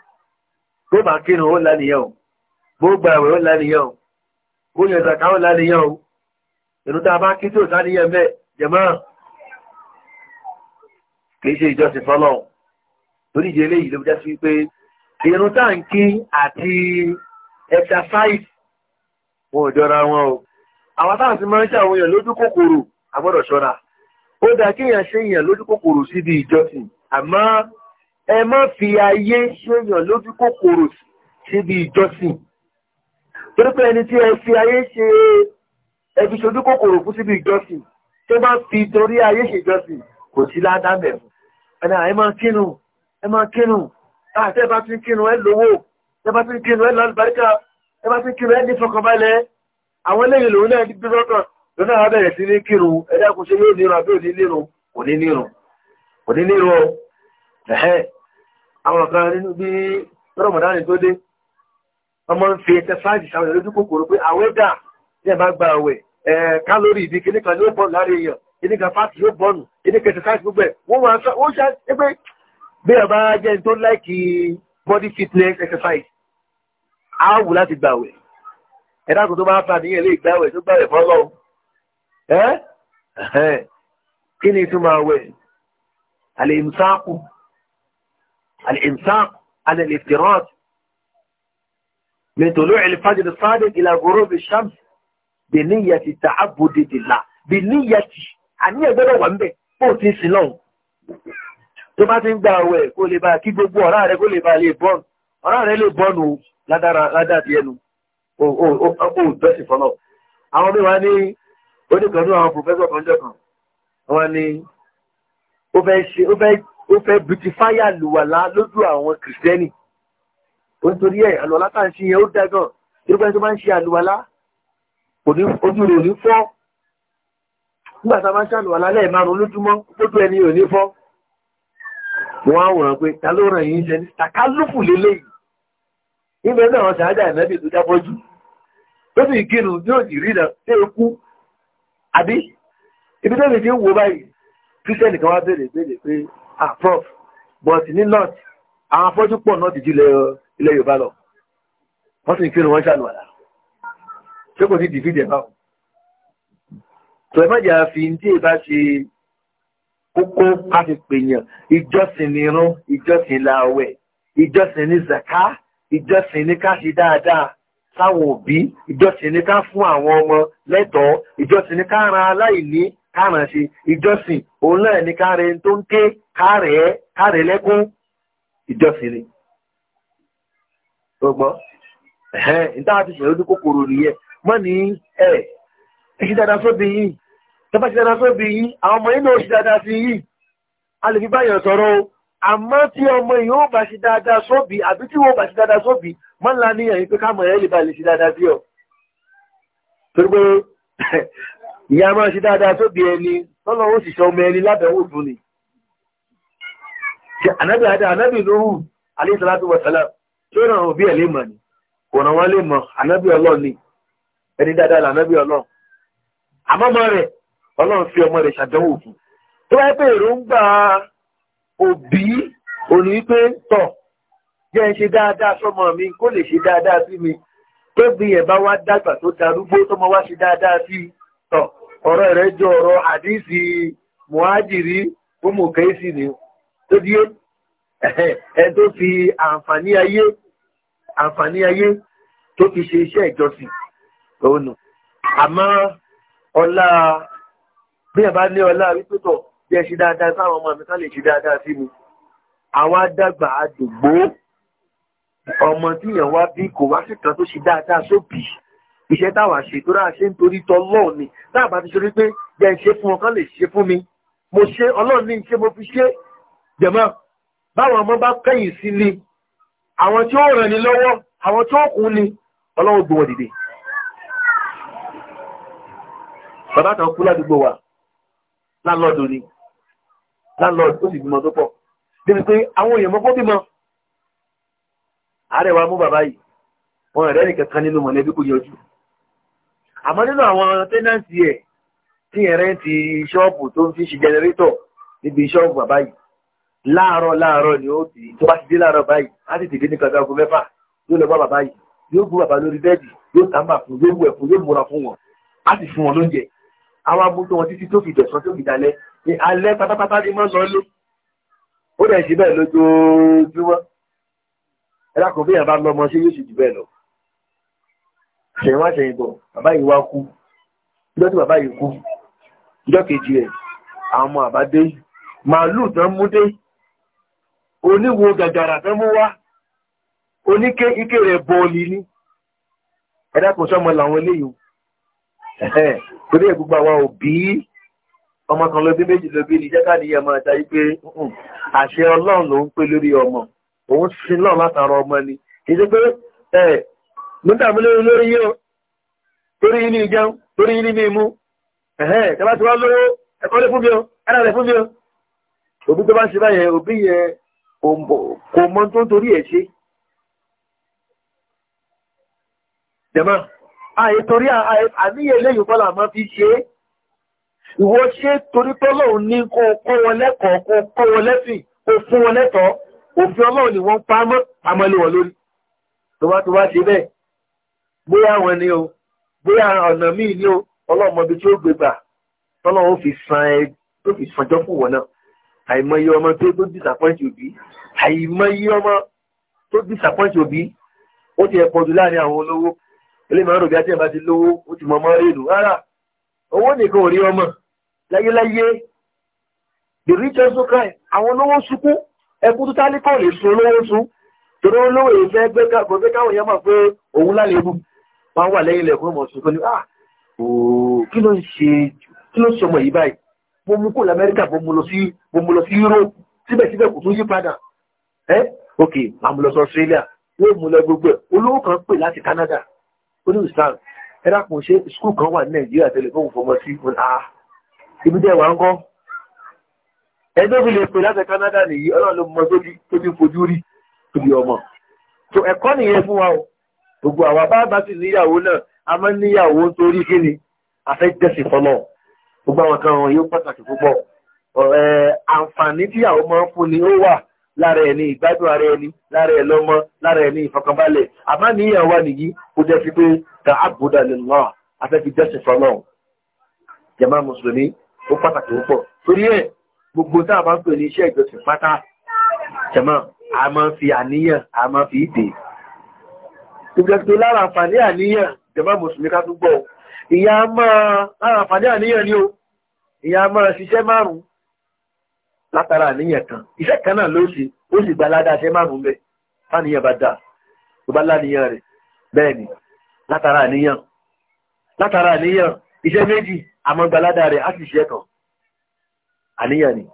bó bá kírun ó lánìyàn o bó gba ìwé ó lánìyàn o bó yẹ zàkà ó lánìyàn o ìlú tá a bá kí tí ò sáníyàn bẹ́ẹ̀ jẹ̀mọ́ kìí ṣe ìjọsìn fọlọ́run torí eléyìí ló jẹ́ sí pé irun tá ń kí àti exercise wọn ò jọra wọn o àwọn táwọn ti máa ń ṣàwọn èèyàn lójú kòkòrò a ṣọ́ra ó dá kéèyàn ṣèyàn lójú kòkòrò síbi ìjọsìn àmọ́ ẹ má fi ayé ṣèyàn lójú kòkòrò síbi ìjọsìn torí pé ẹni tí ẹ fi ayé ṣe ẹbí ṣojú kòkòrò fún síbi ìjọsìn tó bá fi torí ayé ṣèjọsìn kò sí ládàbẹ̀ fún ẹni àyè máa kínú ẹ máa kínú àti ẹ bá ti kínú ẹ lówó ẹ bá ti kínú ẹ lálùbáríkà ẹ bá ti kínú ẹ ní fọkànbalẹ̀ àwọn eléyìí lòun náà ní bí lọ́kàn lónà àwọn bẹ̀rẹ̀ sí ní kírun ẹ̀dá kò ṣe yóò nírun àbí òní nírun kò nírun kò nírun o ẹ̀hẹ́ àwọn kan nínú bí tó dé ọmọ ń fi ẹsẹ̀ fáàjì sáwọn ìlú kòkòrò pé àwẹ̀ dà ní ẹ̀ gba àwẹ̀ ẹ̀ kálórì ibi kíní kan yóò bọ̀ láàrin èèyàn kíní kan fáàtì yóò kíní fáàjì gbogbo ẹ̀ wọ́n máa sọ ó ṣá ẹ pé bí jẹ́ tó body fitness exercise á wù láti gbàwẹ̀ ẹ̀dá kò tó bá lè ẹ́ kí ni túnmọ̀ àwẹ̀ alìmsáàkù alìmsáàkù alìlìfìrọ́t min tulu ilfajir sadiq ila gurubi shams bi niyyati ta'abbudi billah bi niyyati àníyàn gbọ́dọ̀ wà ń bẹ̀ bó ti sin lọ́hùn tó bá ti ń gba àwẹ̀ kó lè bá kí gbogbo ọ̀rá rẹ̀ kó lè bá lè bọ́ọ̀nù ọ̀rá rẹ̀ lè bọ́ọ̀nù ládàá ti ẹnu ó bẹ́sì fọ́nà àwọn mẹ́wàá ní ó ní kan ní àwọn professor kan jẹ́ kan wọ́n ní ó fẹ́ ṣe ó fẹ́ ó fẹ́ beautify àlùwàlá lójú àwọn kìrìsìtẹ́nì ó ń torí ẹ̀ àlùwàlá tá à ń ṣe yẹn ó dá gan irúgbẹ́ tó máa ń ṣe àlùwàlá ojú rẹ̀ ò ní fọ́ nígbà tá a máa ń ṣàlùwàlá lẹ́ẹ̀márùn-ún lójúmọ́ gbójú ẹni ò ní fọ́ wọ́n á wòrán pé ta ló ràn yín ṣe ní takálùfù lélẹ́yìí níbẹ̀ náà ṣáájà ìnábì tó jábọ́jú lóbi ìkírun yóò jì rí náà tí ó kú àbí ibi tó lè fi ń wo báyìí kírísítẹ́nì kan wá béèrè béèrè pé ah prof but ní north àwọn afọ́jú pọ̀ náà dìjú ilẹ̀ yorùbá lọ wọ́n sì ń kírun wọ́n ṣàlùwàlà ṣé kò sí dìfídì ẹ̀ báwọn tó ẹ má jẹ́ àfi tí ẹ bá ṣe kókó káfí pèèyàn ìjọsìn ní irun ìjọsìn làwẹ̀ ìjọsìn ní zaka ìjọsìn ní káṣí dáadáa sáwọn òbí ìjọsìn ní ká fún àwọn ọmọ lẹ́tọ̀ọ́ ìjọsìn ní ká ran aláìní káràn ṣe ìjọsìn òun náà ní ká rẹ tó ń ké kárẹ̀ kárẹ̀ lẹ́kún ìjọsìn ni. gbogbo ẹ̀hẹ́n níta ti ṣe lójú kòkòrò nìyẹn mọ́ ní ẹ̀ ẹ̀ ṣe dáadáa sóbi yìí tọ́pẹ́ ṣe dáadáa sóbi yìí àwọn ọmọ yìí náà ṣe sí yìí a lè fi báyọ̀ sọ̀rọ̀ o àmọ́ tí ọmọ yìí ó bá ṣe dáadáa sóbi àbí tí wọ́n bá ṣe dáadáa sóbi wọ́n lá níyàn yí pé káàmọ̀ rẹ̀ lè bá lè ṣe dáadáa sí ọ torí pé ìyá máa ṣe dáadáa tó bí ẹni lọ́nà ó sì ṣe ọmọ ẹni lábẹ̀wò tó ni ànábì ànábì lóhù ni kò ràn wọ́n lè mọ̀ ànábì ọlọ́ọ̀ ni ẹni dáadáa là ànábì ọlọ́ọ̀ àmọ́mọ́ rẹ̀ ọlọ́run fi ọmọ rẹ̀ ṣàdánwò fún tó bá pè èròǹgbà òbí jẹ́ ń ṣe dáadáa sọ́mọ mi kó lè ṣe dáadáa sí mi tó bí ẹ̀ bá wá dàgbà tó darúgbó tó mọ wá ṣe dáadáa sí tọ̀ ọ̀rọ̀ rẹ̀ jọ ọ̀rọ̀ àdíìsì muhajiri fúnmùkẹ́sì ni tó di ẹ tó fi àǹfààní ayé àǹfààní ayé tó fi ṣe iṣẹ́ ìjọsìn òun nù àmọ́ ọlá bí ẹ̀ bá ní ọlá wípé bí ẹ ṣe dáadáa sáwọn ọmọ mi ká lè ṣe dáadáa sí mi àwọn adágbà àdògbò ọmọ tí yẹn wá bí kò wá sí kan tó ṣe dáadáa sóbì iṣẹ́ táwa ṣe tó dáa ṣe ń torí tọ́lọ́ọ̀ ni táàbà ti ṣorí pé jẹ́ ń ṣe fún wọn kán lè ṣe fún mi mo ṣe ọlọ́run ní ṣe mo fi ṣe jẹ̀mọ́ báwọn ọmọ bá kẹ́yìn sí ni àwọn tí ó ràn ní lọ́wọ́ àwọn tí ó kún ni ọlọ́run gbowó dìde. bàbá kan kú ládùúgbò wa láńlọ́ọ̀dù ni láńlọ́ọ̀dù ó sì bímọ tó pọ̀ débi pé àwọn èèyàn mọ́kó àárẹ̀ wa mú bàbá yìí wọn rẹ̀ nìkan kan nínú mọ̀lẹ́bí kò yọjú àmọ́ nínú àwọn tẹ́nàǹtì ẹ̀ tí ẹ̀rẹ́ ti ṣọ́ọ̀bù tó ń fi ṣe jẹnẹrétọ̀ níbi ṣọ́ọ̀bù bàbá yìí láàárọ̀ láàárọ̀ ni ó ti tó bá ti dé láàárọ̀ báyìí á ti tètè ní kankan ogun mẹ́fà yóò lọ bá bàbá yìí yóò gbé bàbá lórí bẹ́ẹ̀dì yóò tàǹbà fún yóò wẹ̀ fún yóò múra fún wọn á sì fún wọn lóúnjẹ àwọn amútó wọn títí tó fi dọ̀sán tó fi dalẹ̀ ní alẹ́ pátápátá ni mọ́ lọ lé ó dẹ̀ ṣe bẹ́ẹ̀ lójoojúmọ́ ẹlákùn bí yàn bá lọ́mọ sí yóò sì jù bẹ́ẹ̀ lọ ṣẹ̀yìn wá ṣẹ̀yìn bọ̀ bàbá yìí wá kú ìjọ tí bàbá yìí kú ìjọ kejì ẹ̀ àwọn ọmọ àbádé màálùú tán mú dé oníwo gàgàrà tán mú wá oníke ike rẹ̀ bọ́ọ̀lì ni ẹlákùn sọmọ làwọn eléyìí torí ẹ̀ gbogbo àwọn òbí ọmọ kan lọ bí méjì lọ bí ní jẹ́ká níyà máa ta yí pé àṣẹ ọlọ́run ló ń pè lórí ọmọ òun sin náà látara ọmọ ni kì í ṣe pé ẹ nígbà mi lórí lórí yìí o torí yìí ní ìjẹun torí yìí ní ìmú ẹ̀hẹ́ tẹ́lá ti wá lówó ẹ̀kọ́ lé fún mi o ẹ̀rọ rẹ̀ fún mi o òbí tó bá ṣe báyẹn òbí yẹn kò mọ tó ń torí ẹ̀ ṣe. jẹ̀mọ́ àyè torí àníyàn eléyìí kọ́lá máa fi ṣe é ìwọ ṣe torí tọ́lọ́run ní kó kọ́ wọn lẹ́kọ̀ọ́ kó kọ́ wọn lẹ́sìn kó fún wọn lẹ́tọ̀ọ́ òfin ọlọ́run ni wọ́n pa mọ́ àmọ́léwọ̀ lórí tó bá tó wá ṣe bẹ́ẹ̀ bóyá wọn ni o bóyá ọ̀nà míì ni o ọlọ́mọbi tí ó gbégbà tọ́lọ́run fi san ẹ tó fi sanjọ́ fún wọn náà àìmọye ọmọ tó tó disappoint òbí àìmọye ọmọ tó disappoint òbí ó ti ẹ̀ pọ̀jù láàrin àwọn olówó eléyìí máa ń rò bí ajẹ́yìn bá ti lówó ó ti mọ ọmọ rèlù rárá owó nìkan ò rí ọmọ láyéláyé the richest of kind àwọn olówó sunkún ẹkú tó tálíkọ̀ lè sun olówó sun torí olówó ìfẹ́ gbẹ́gbẹ́ káwọn èèyàn mọ̀ pé òun lálébù wọ́n wà lẹ́yìn ilẹ̀kùn mọ̀ sí pẹ̀lú ah, kí ló ń ṣe ọmọ yìí báyìí mo mú kò lamẹ́ríkà mo mú lọ sí Europe síbẹ̀síbẹ̀ kò tún yí padà ẹ́ ok àmú lọ sí Australia wọ́n mú lọ gbogbo ẹ̀ olówó kan pè láti Canada ó ní ìsàn ẹ̀dá kò ṣe skul kan wà ní Nàìjíríà tẹlifóònù fọmọ sí ah, ibi dẹ́ wà ń kọ́ ẹgbẹ́ òbí lè pè láti Canada nìyí ọlọ́run ló mọ tó bí fojú rí ibi ọmọ tó ẹ̀kọ́ nìyẹn fún wa o gbogbo àwa bàbá sì níyàwó náà a máa ń níyàwó nítorí kí ni a fẹ́ jẹ́sì fọlọ gbogbo àwọn kan wọn yóò pàtàkì púpọ̀ àǹfààní tíyàwó máa ń fún ni ó wà lára ẹni ìgbádùn ara ẹni lára ẹ lọ́mọ lára ẹni ìfọkànbalẹ̀ àmọ́ níyàwó wa nìyí ó jẹ́ sí pé ta àbúdà ni lọ a fẹ́ fi jẹ́sì fọlọ jàmá mùsùlùmí ó pàtàkì púpọ̀ torí ẹ̀ gbogbo tá a bá ń pè ní iṣẹ́ ìjọsìn pátá tẹ̀mọ́ a máa fi àníyàn a máa fi ìdè ìgbẹ̀gbẹ̀ lára àǹfààní àníyàn jẹ̀mọ́ mùsùlùmí ká tún gbọ́ ìyá máa lára àǹfààní àníyàn ni ó ìyá máa ṣiṣẹ́ márùn-ún látara àníyàn kan iṣẹ́ kan náà ló méjì àmọ́ rẹ̀ á sì ṣe kan àníyàn ni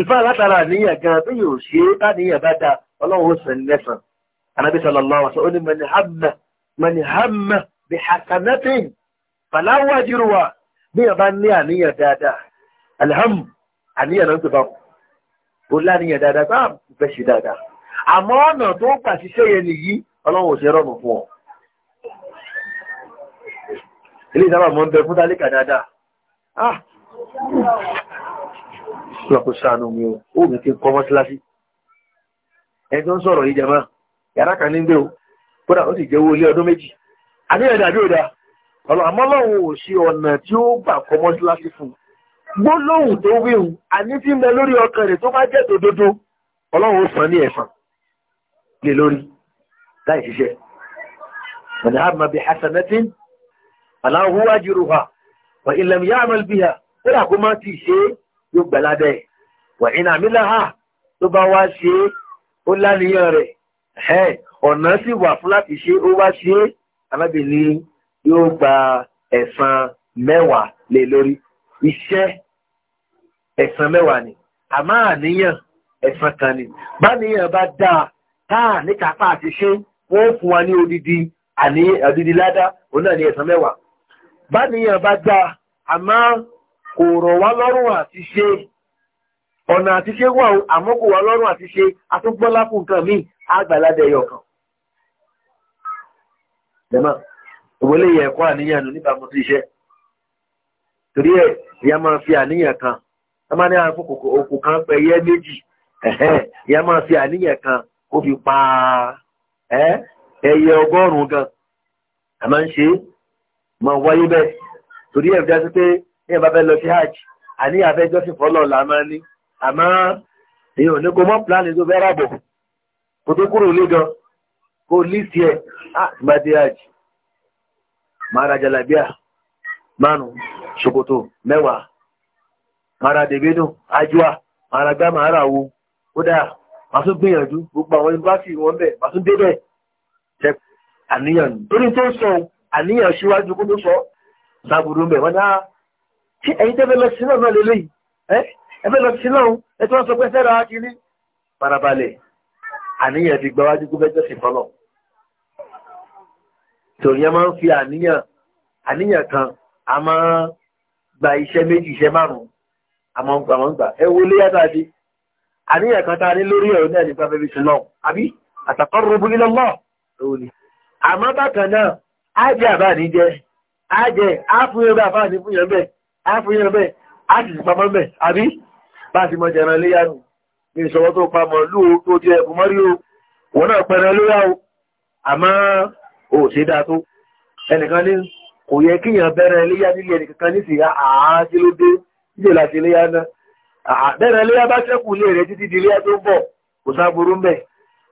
ìfà látara àníyàn gan tó yóò ṣe é táníyàn bá da ọlọ́run ó sàn lẹ́sàn anábì sallallahu alaihi wasallam ó ní mani hamma mani hamma bi hasanatin falawa jiruwa bí yàn bá ní àníyàn dáadáa alhamdu àníyàn náà ń tẹ̀fà ó láníyàn dáadáa bá fẹ́ ṣe dáadáa àmọ́ ọ̀nà tó gbà ṣiṣẹ́ yẹn nìyí ọlọ́run ò ṣe rọrùn fún ọ ilé ìsábà mọ́ ń bẹ fún dáadáa ah! lọ́kùn sànù mi o ó mi kí n kọ́ mọ́síláṣí ẹni tó ń sọ̀rọ̀ yìí jẹ́mọ́ yàrá kan ní gbé o kódà ó sì jẹ́ owó ilé ọdún méjì àdéhùn àbí òdà ọ̀rọ̀ àmọ́ lọ́hùn ò ṣe ọ̀nà tí ó gbà kọ́ mọ́síláṣí fún gbólóhùn tó wíhùn àní tí ń bẹ lórí ọkàn rẹ̀ tó bá jẹ́ tòdodo ọlọ́run ó sàn ní ẹ̀sán lè lórí láì ṣiṣẹ́ ọ̀nà àmàbí hasanatin aláhùwájú ruha wà ilẹ̀ yàmàlbíyà ó dà kó má ti ṣe é yóò gbàládẹ́ wà iná àmìlà hà tó bá wá ṣe é ó láníyàn rẹ̀ ẹ̀ ọ̀nà sì wà fún láti ṣe ó wá ṣe é alábìnrin yóò gba ẹ̀san mẹ́wàá lé lórí iṣẹ́ ẹ̀san mẹ́wàá ni àmọ́ àníyàn ẹ̀san kan ni báníyàn bá dáa táà ní kápá àti ṣe wọ́n fún wa ní odidi àní odidi ládá òun náà ní ẹ̀san mẹ́wàá báníyàn bá dáa àmọ́ kò rọ̀ wá lọ́rùn àti ṣe ọ̀nà àti ṣe wà ó àmọ́ kò wà lọ́rùn àti ṣe àtúgbọ́lá fún nǹkan míì àgbàládẹ yọkàn. Dẹ̀mọ́, ìwọlé yẹ ẹ̀kọ́ àníyàn nù níbàámu sí iṣẹ́. Torí ẹ̀ máa fi àníyàn kan, ẹ máa ní àwọn òkú kan pẹ̀ yẹ méjì, máa fi kan kó fi pa ẹyẹ ọgọ́rùn-ún gan. A máa ń ṣe máa wáyé bẹ́ẹ̀. hajj, àníyàn fọ́lọ́ la àmọ́ èèyàn ní kò mọ́ pílánì tó fẹ́ rábọ̀ kò tó kúrò lé gan kò líìsì ẹ̀ àtìmádéájì márajàlábíà márùn ṣòkòtò mẹ́wàá mara dèbédò ajúwà mara gbá mara wo kódà màá tún gbìyànjú gbogbo àwọn yunifásitì wọn bẹ̀ màá tún débẹ̀ tẹ àníyàn torí tó sọ àníyàn síwájú kó tó sọ sábúrú mẹ wọn náà ẹ̀yin tẹfẹ lọ sí náà náà lélẹyìí ẹ ẹfẹ́ lọ sí lọ́run ẹtọ́ sọ pé fẹ́ra kiri farabalẹ̀ àníyàn ti gbáwájú kó fẹ́jọ́ sí fọlọ́ tòun yẹn máa ń fi àníyàn àníyàn kan a máa gba iṣẹ́ méjì iṣẹ́ márùn-ún a máa ń gbà máa ń gbà ẹ wo ilé yàtọ̀ àti àníyàn kan tá a ní lórí ọ̀rọ̀ náà nípa fẹ́mi sí lọ́run àbí àtàkọ́rọ̀rọ̀bù ilé lọ́ òní àmọ́ bákan náà á jẹ́ àbá àníjẹ́ á jẹ́ á fún yẹn bẹ́ẹ̀ àfáàní fún yẹn bẹ́ẹ̀ á fún yẹn bẹ́ẹ̀ á sì pamọ́ mẹ́ àbí bá a ti mọ jẹran léyà nù ní ìṣọwọ́ tó pamọ́ lú o tó jẹ ẹ̀kú mọ́rí o òun náà pẹran léyà o àmọ́ ò ṣe dáa tó ẹnìkan ní kò yẹ kíyàn bẹ̀rẹ̀ léyà nílé ẹnìkan ní sìyá àájí ló dé nílé láti léyà náà bẹ̀rẹ̀ léyà bá ṣẹ́kù lé rẹ̀ títí di léyà tó ń bọ̀ kò sáburú mẹ́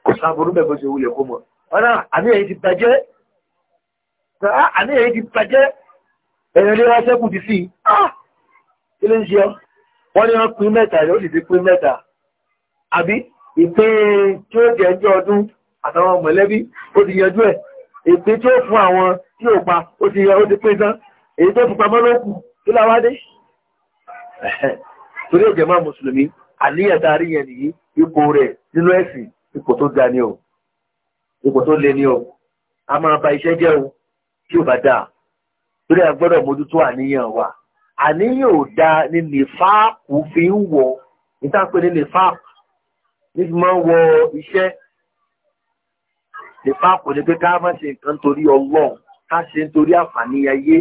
kò sáburú mẹ́ bó ṣe wulẹ̀ kó mọ̀ ọ̀nà àníyàn ti bàjẹ́ àníyàn ti ṣẹ́kù ti sí ah kí ló ń ṣe ọ́ wọ́n ní wọ́n pín mẹ́ta rẹ̀ ó sì ti pín mẹ́ta àbí ìpín tí ó jẹ́ ẹjọ́ ọdún àtàwọn mọ̀lẹ́bí ó ti yanjú ẹ̀ ìpín tí ó fún àwọn tí ò pa ó ti ó ti pín tán èyí tó fún pamọ́ ló kù kí láwá dé torí ẹ̀jẹ̀ máa mùsùlùmí àníyàtà rí yẹn nìyí ipò rẹ̀ nínú ẹ̀sìn ipò tó ga ni o ipò tó le ni o a máa ba iṣẹ́ jẹ́ o tí ò bá dáa torí a mójútó àníyàn wa àníyàn ò da ní nìfáàkù fi wọ ìtàpé ní ní fi máa ń wọ iṣẹ́ ni pé ká má ṣe nǹkan torí ọlọ́run ká ṣe nítorí àǹfààní ayé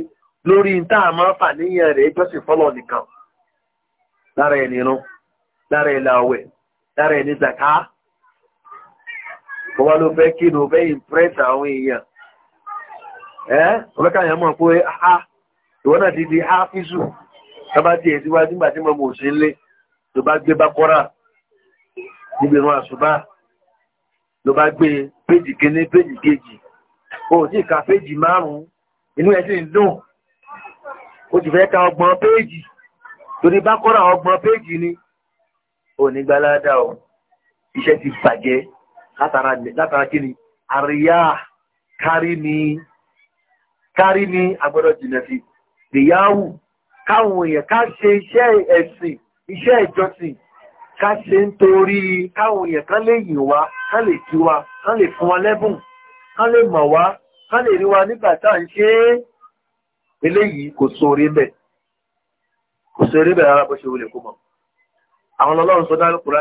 lórí níta àmọ́ àǹfààníyàn rẹ̀ jọ́sìn fọ́lọ̀ nìkan lára ẹni rán lára ẹ̀là ọ̀wẹ̀ lára ẹni zaka ọwá ló fẹ́ kí o fẹ́ impress àwọn èèyàn ẹ́ ìwọ́n náà ti di áfíṣù tọ́bá ti ẹ̀ síwájú nígbà tí mo mọ̀ sí lé ló bá gbé bá kọ́ra níbi ìrún àṣùbá ló bá gbé péjì kíní péjì kejì o ti ka péjì márùn-ún inú ẹ̀ sì ń dùn o ti fẹ́ ka ọgbọ̀n péjì torí bá kọ́ra ọgbọ̀n péjì ni ò ní gbalada o iṣẹ́ ti bàjẹ́ látara kíni àríyá kárí ni kárí ni agbọ́dọ̀ jìnà sí i. lèyáwù káwọn èèyàn ká ṣe iṣẹ́ ẹ̀sìn iṣẹ́ ìjọsìn ká ṣe ń torí káwọn èèyàn kán lè yìn wá kán lè kí wa kán lè fún wa lẹ́bùn kán lè mọ̀ wá kán lè rí wa nígbà tá à ń ṣe é eléyìí kò sóore bẹ̀ kò sóore bẹ̀ rárá bó ṣe wulẹ̀ kó mọ̀ àwọn ọlọ́run sọ náà kúrò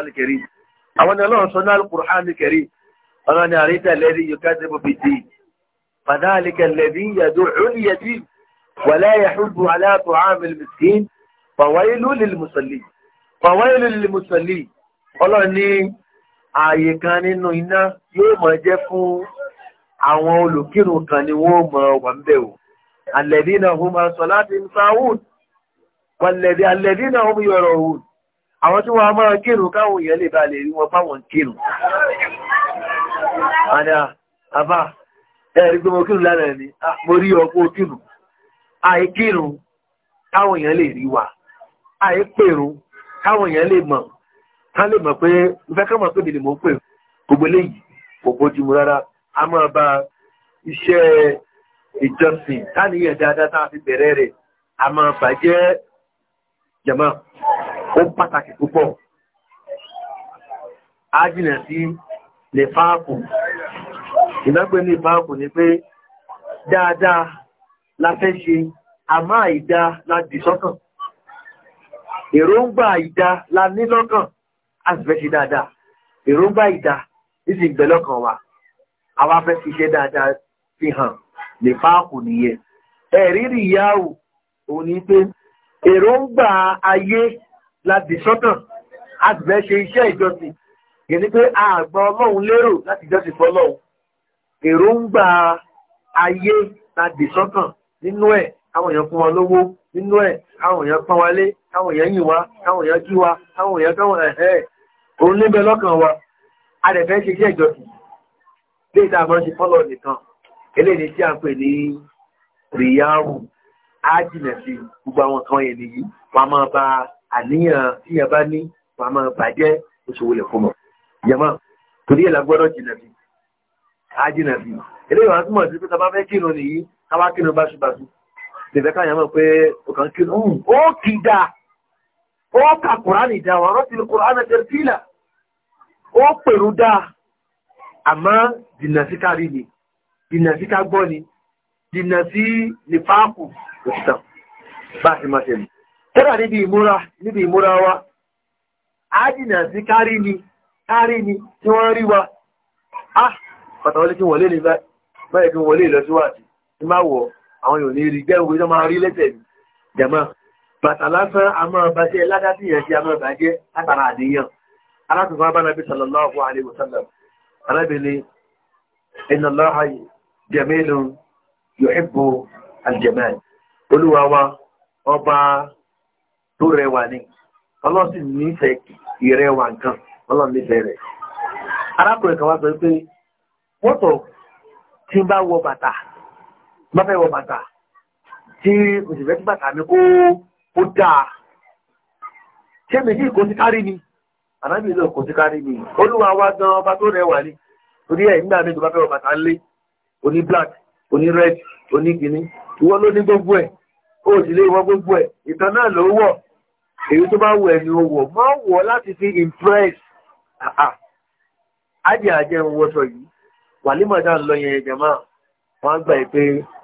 àwọn ولا يحب على طعام المسكين فويل للمصلين فويل للمصلين ọlọ́run ní ààyè kan nínú iná yóò mọ̀ jẹ́ fún àwọn olùkírun kan ni wọ́n mọ̀ wà ń bẹ̀ o alladhina hum an salatin sahun walladhina hum yarahun àwọn tí wọ́n máa kírun káwọn èèyàn lè bá lè rí wọn fáwọn kírun àdá àbá ẹ̀rí gbọmọ kírun lánàá ni ah, mo rí ọkọ̀ kírun àìkírun táwọn èèyàn lè rí wa àìpèrun táwọn èèyàn lè mọ̀ tán lè mọ̀ pé ìfẹ́ kọ́ mọ̀ pé mi ni mò ń pè gbogbo eléyìí kò bójúmu rárá a máa ba iṣẹ́ ìjọsìn táníyàn dáadáa tá a fi bẹ̀rẹ̀ rẹ̀ a máa bàjẹ́ jẹ̀mọ́ ó pàtàkì púpọ̀ a jìnà sí lè fáàkù ìdágbé ní fáàkù ni pé dáadáa la fẹ́ ṣe àmá àìdá la dì sọ́kàn èròǹgbà àìdá la ní lọ́kàn a sì fẹ́ ṣe dáadáa èròǹgbà àìdá nísì ń bẹ lọ́kàn wa àwa fẹ́ ṣiṣẹ́ dáadáa fi hàn lè fáàkù nìyẹn ẹ̀rírì ìyáwó òun ni pé èròǹgbà ayé la sọ́kàn a sì fẹ́ ṣe iṣẹ́ ìjọsìn kì ní pé àgbà ọlọ́run lérò láti jọ́sìn fọlọ́run èròǹgbà ayé la dì sọ́kàn nínú ẹ̀ àwọn èèyàn fún wọn lówó nínú ẹ̀ àwọn èèyàn pán wálé àwọn èèyàn yìn wá àwọn èèyàn kí wa àwọn èèyàn káwọn ẹ̀ òun níbẹ̀ lọ́kàn wa a rẹ̀ fẹ́ ṣe sí ẹ̀jọ̀sìn bí ìta máa ń ṣe fọ́lọ̀ nìkan eléyìí tí a ń pè ní rìyáàrù á jìnà sí gbogbo àwọn kan yẹn nìyí wàá máa ba àníyàn tíyẹn bá ní wàá máa bàjẹ́ oṣòwò lè fún mọ̀ yẹmọ́ torí ẹ̀ la gbọ́dọ̀ jìnà sí á jìnà sí eléyìí wàá túmọ̀ sí pé tá a bá fẹ́ kírun nìyí káwá kí ló bá ṣubàṣu lèfẹ́ káyà mọ̀ pé ọkàn kí ló ń ó kì í dá ó kà kùránì dá wọn rọ́ọ̀tì kùránì tẹ̀lé fílà ó pèrú dá àmọ́ dìnà sí kárí ni dìnà sí kágbọ́ ni dìnà sí nífàákù òṣìṣàn bá a ti máa ṣe lù. tẹ́lá níbi ìmúra níbi ìmúra wa á dìnà sí kárí ni kárí ni tí wọ́n rí wa á ah, pàtàkì wọlé ní báyìí kí wọlé ìlọsíwájú tí máa wọ̀ àwọn èèyàn ní rí gẹ́rùn-ún tó máa rí lẹ́sẹ̀ mi jẹ̀mọ́ bàtà lásán amọ́ọ̀bàjẹ́ ládàtì yẹn sí amọ́ọ̀bàjẹ́ látara àdéyàn alátùfà bánabi sallallahu alaihi wasallam arábìnrin inna Allaha jamilun yuhibbu aljamal olúwa wa ọba tó rẹwà ni ọlọ́sì nífẹ̀ẹ́ ìrẹwà nǹkan ọlọ́run nífẹ̀ẹ́ rẹ̀ arákùnrin kan wá sọ pé wọ́tọ̀ tí ń bá wọ bàtà bá fẹ́ wọ bàtà tí òṣìṣẹ́ tí bàtà mi kó dáa ṣé méjì kò sí kárí ni ànábì lọ kò sí kárí ni olúwa wa gan ọba tó rẹwà ni torí ẹ̀ nígbà mi tó wọ bàtà lé oní black oní red oní kìíní ìwọ ló ní gbogbo ẹ̀ ó sì lé ìwọ gbogbo ẹ̀ ìtàn náà ló wọ̀ èyí tó bá wọ ẹni ó wọ̀ mọ́ wọ̀ láti fi impress ajẹ́ ajẹ́ ń yìí wà ní ń lọ yẹn jẹ̀mọ́ wọ́n gbà pé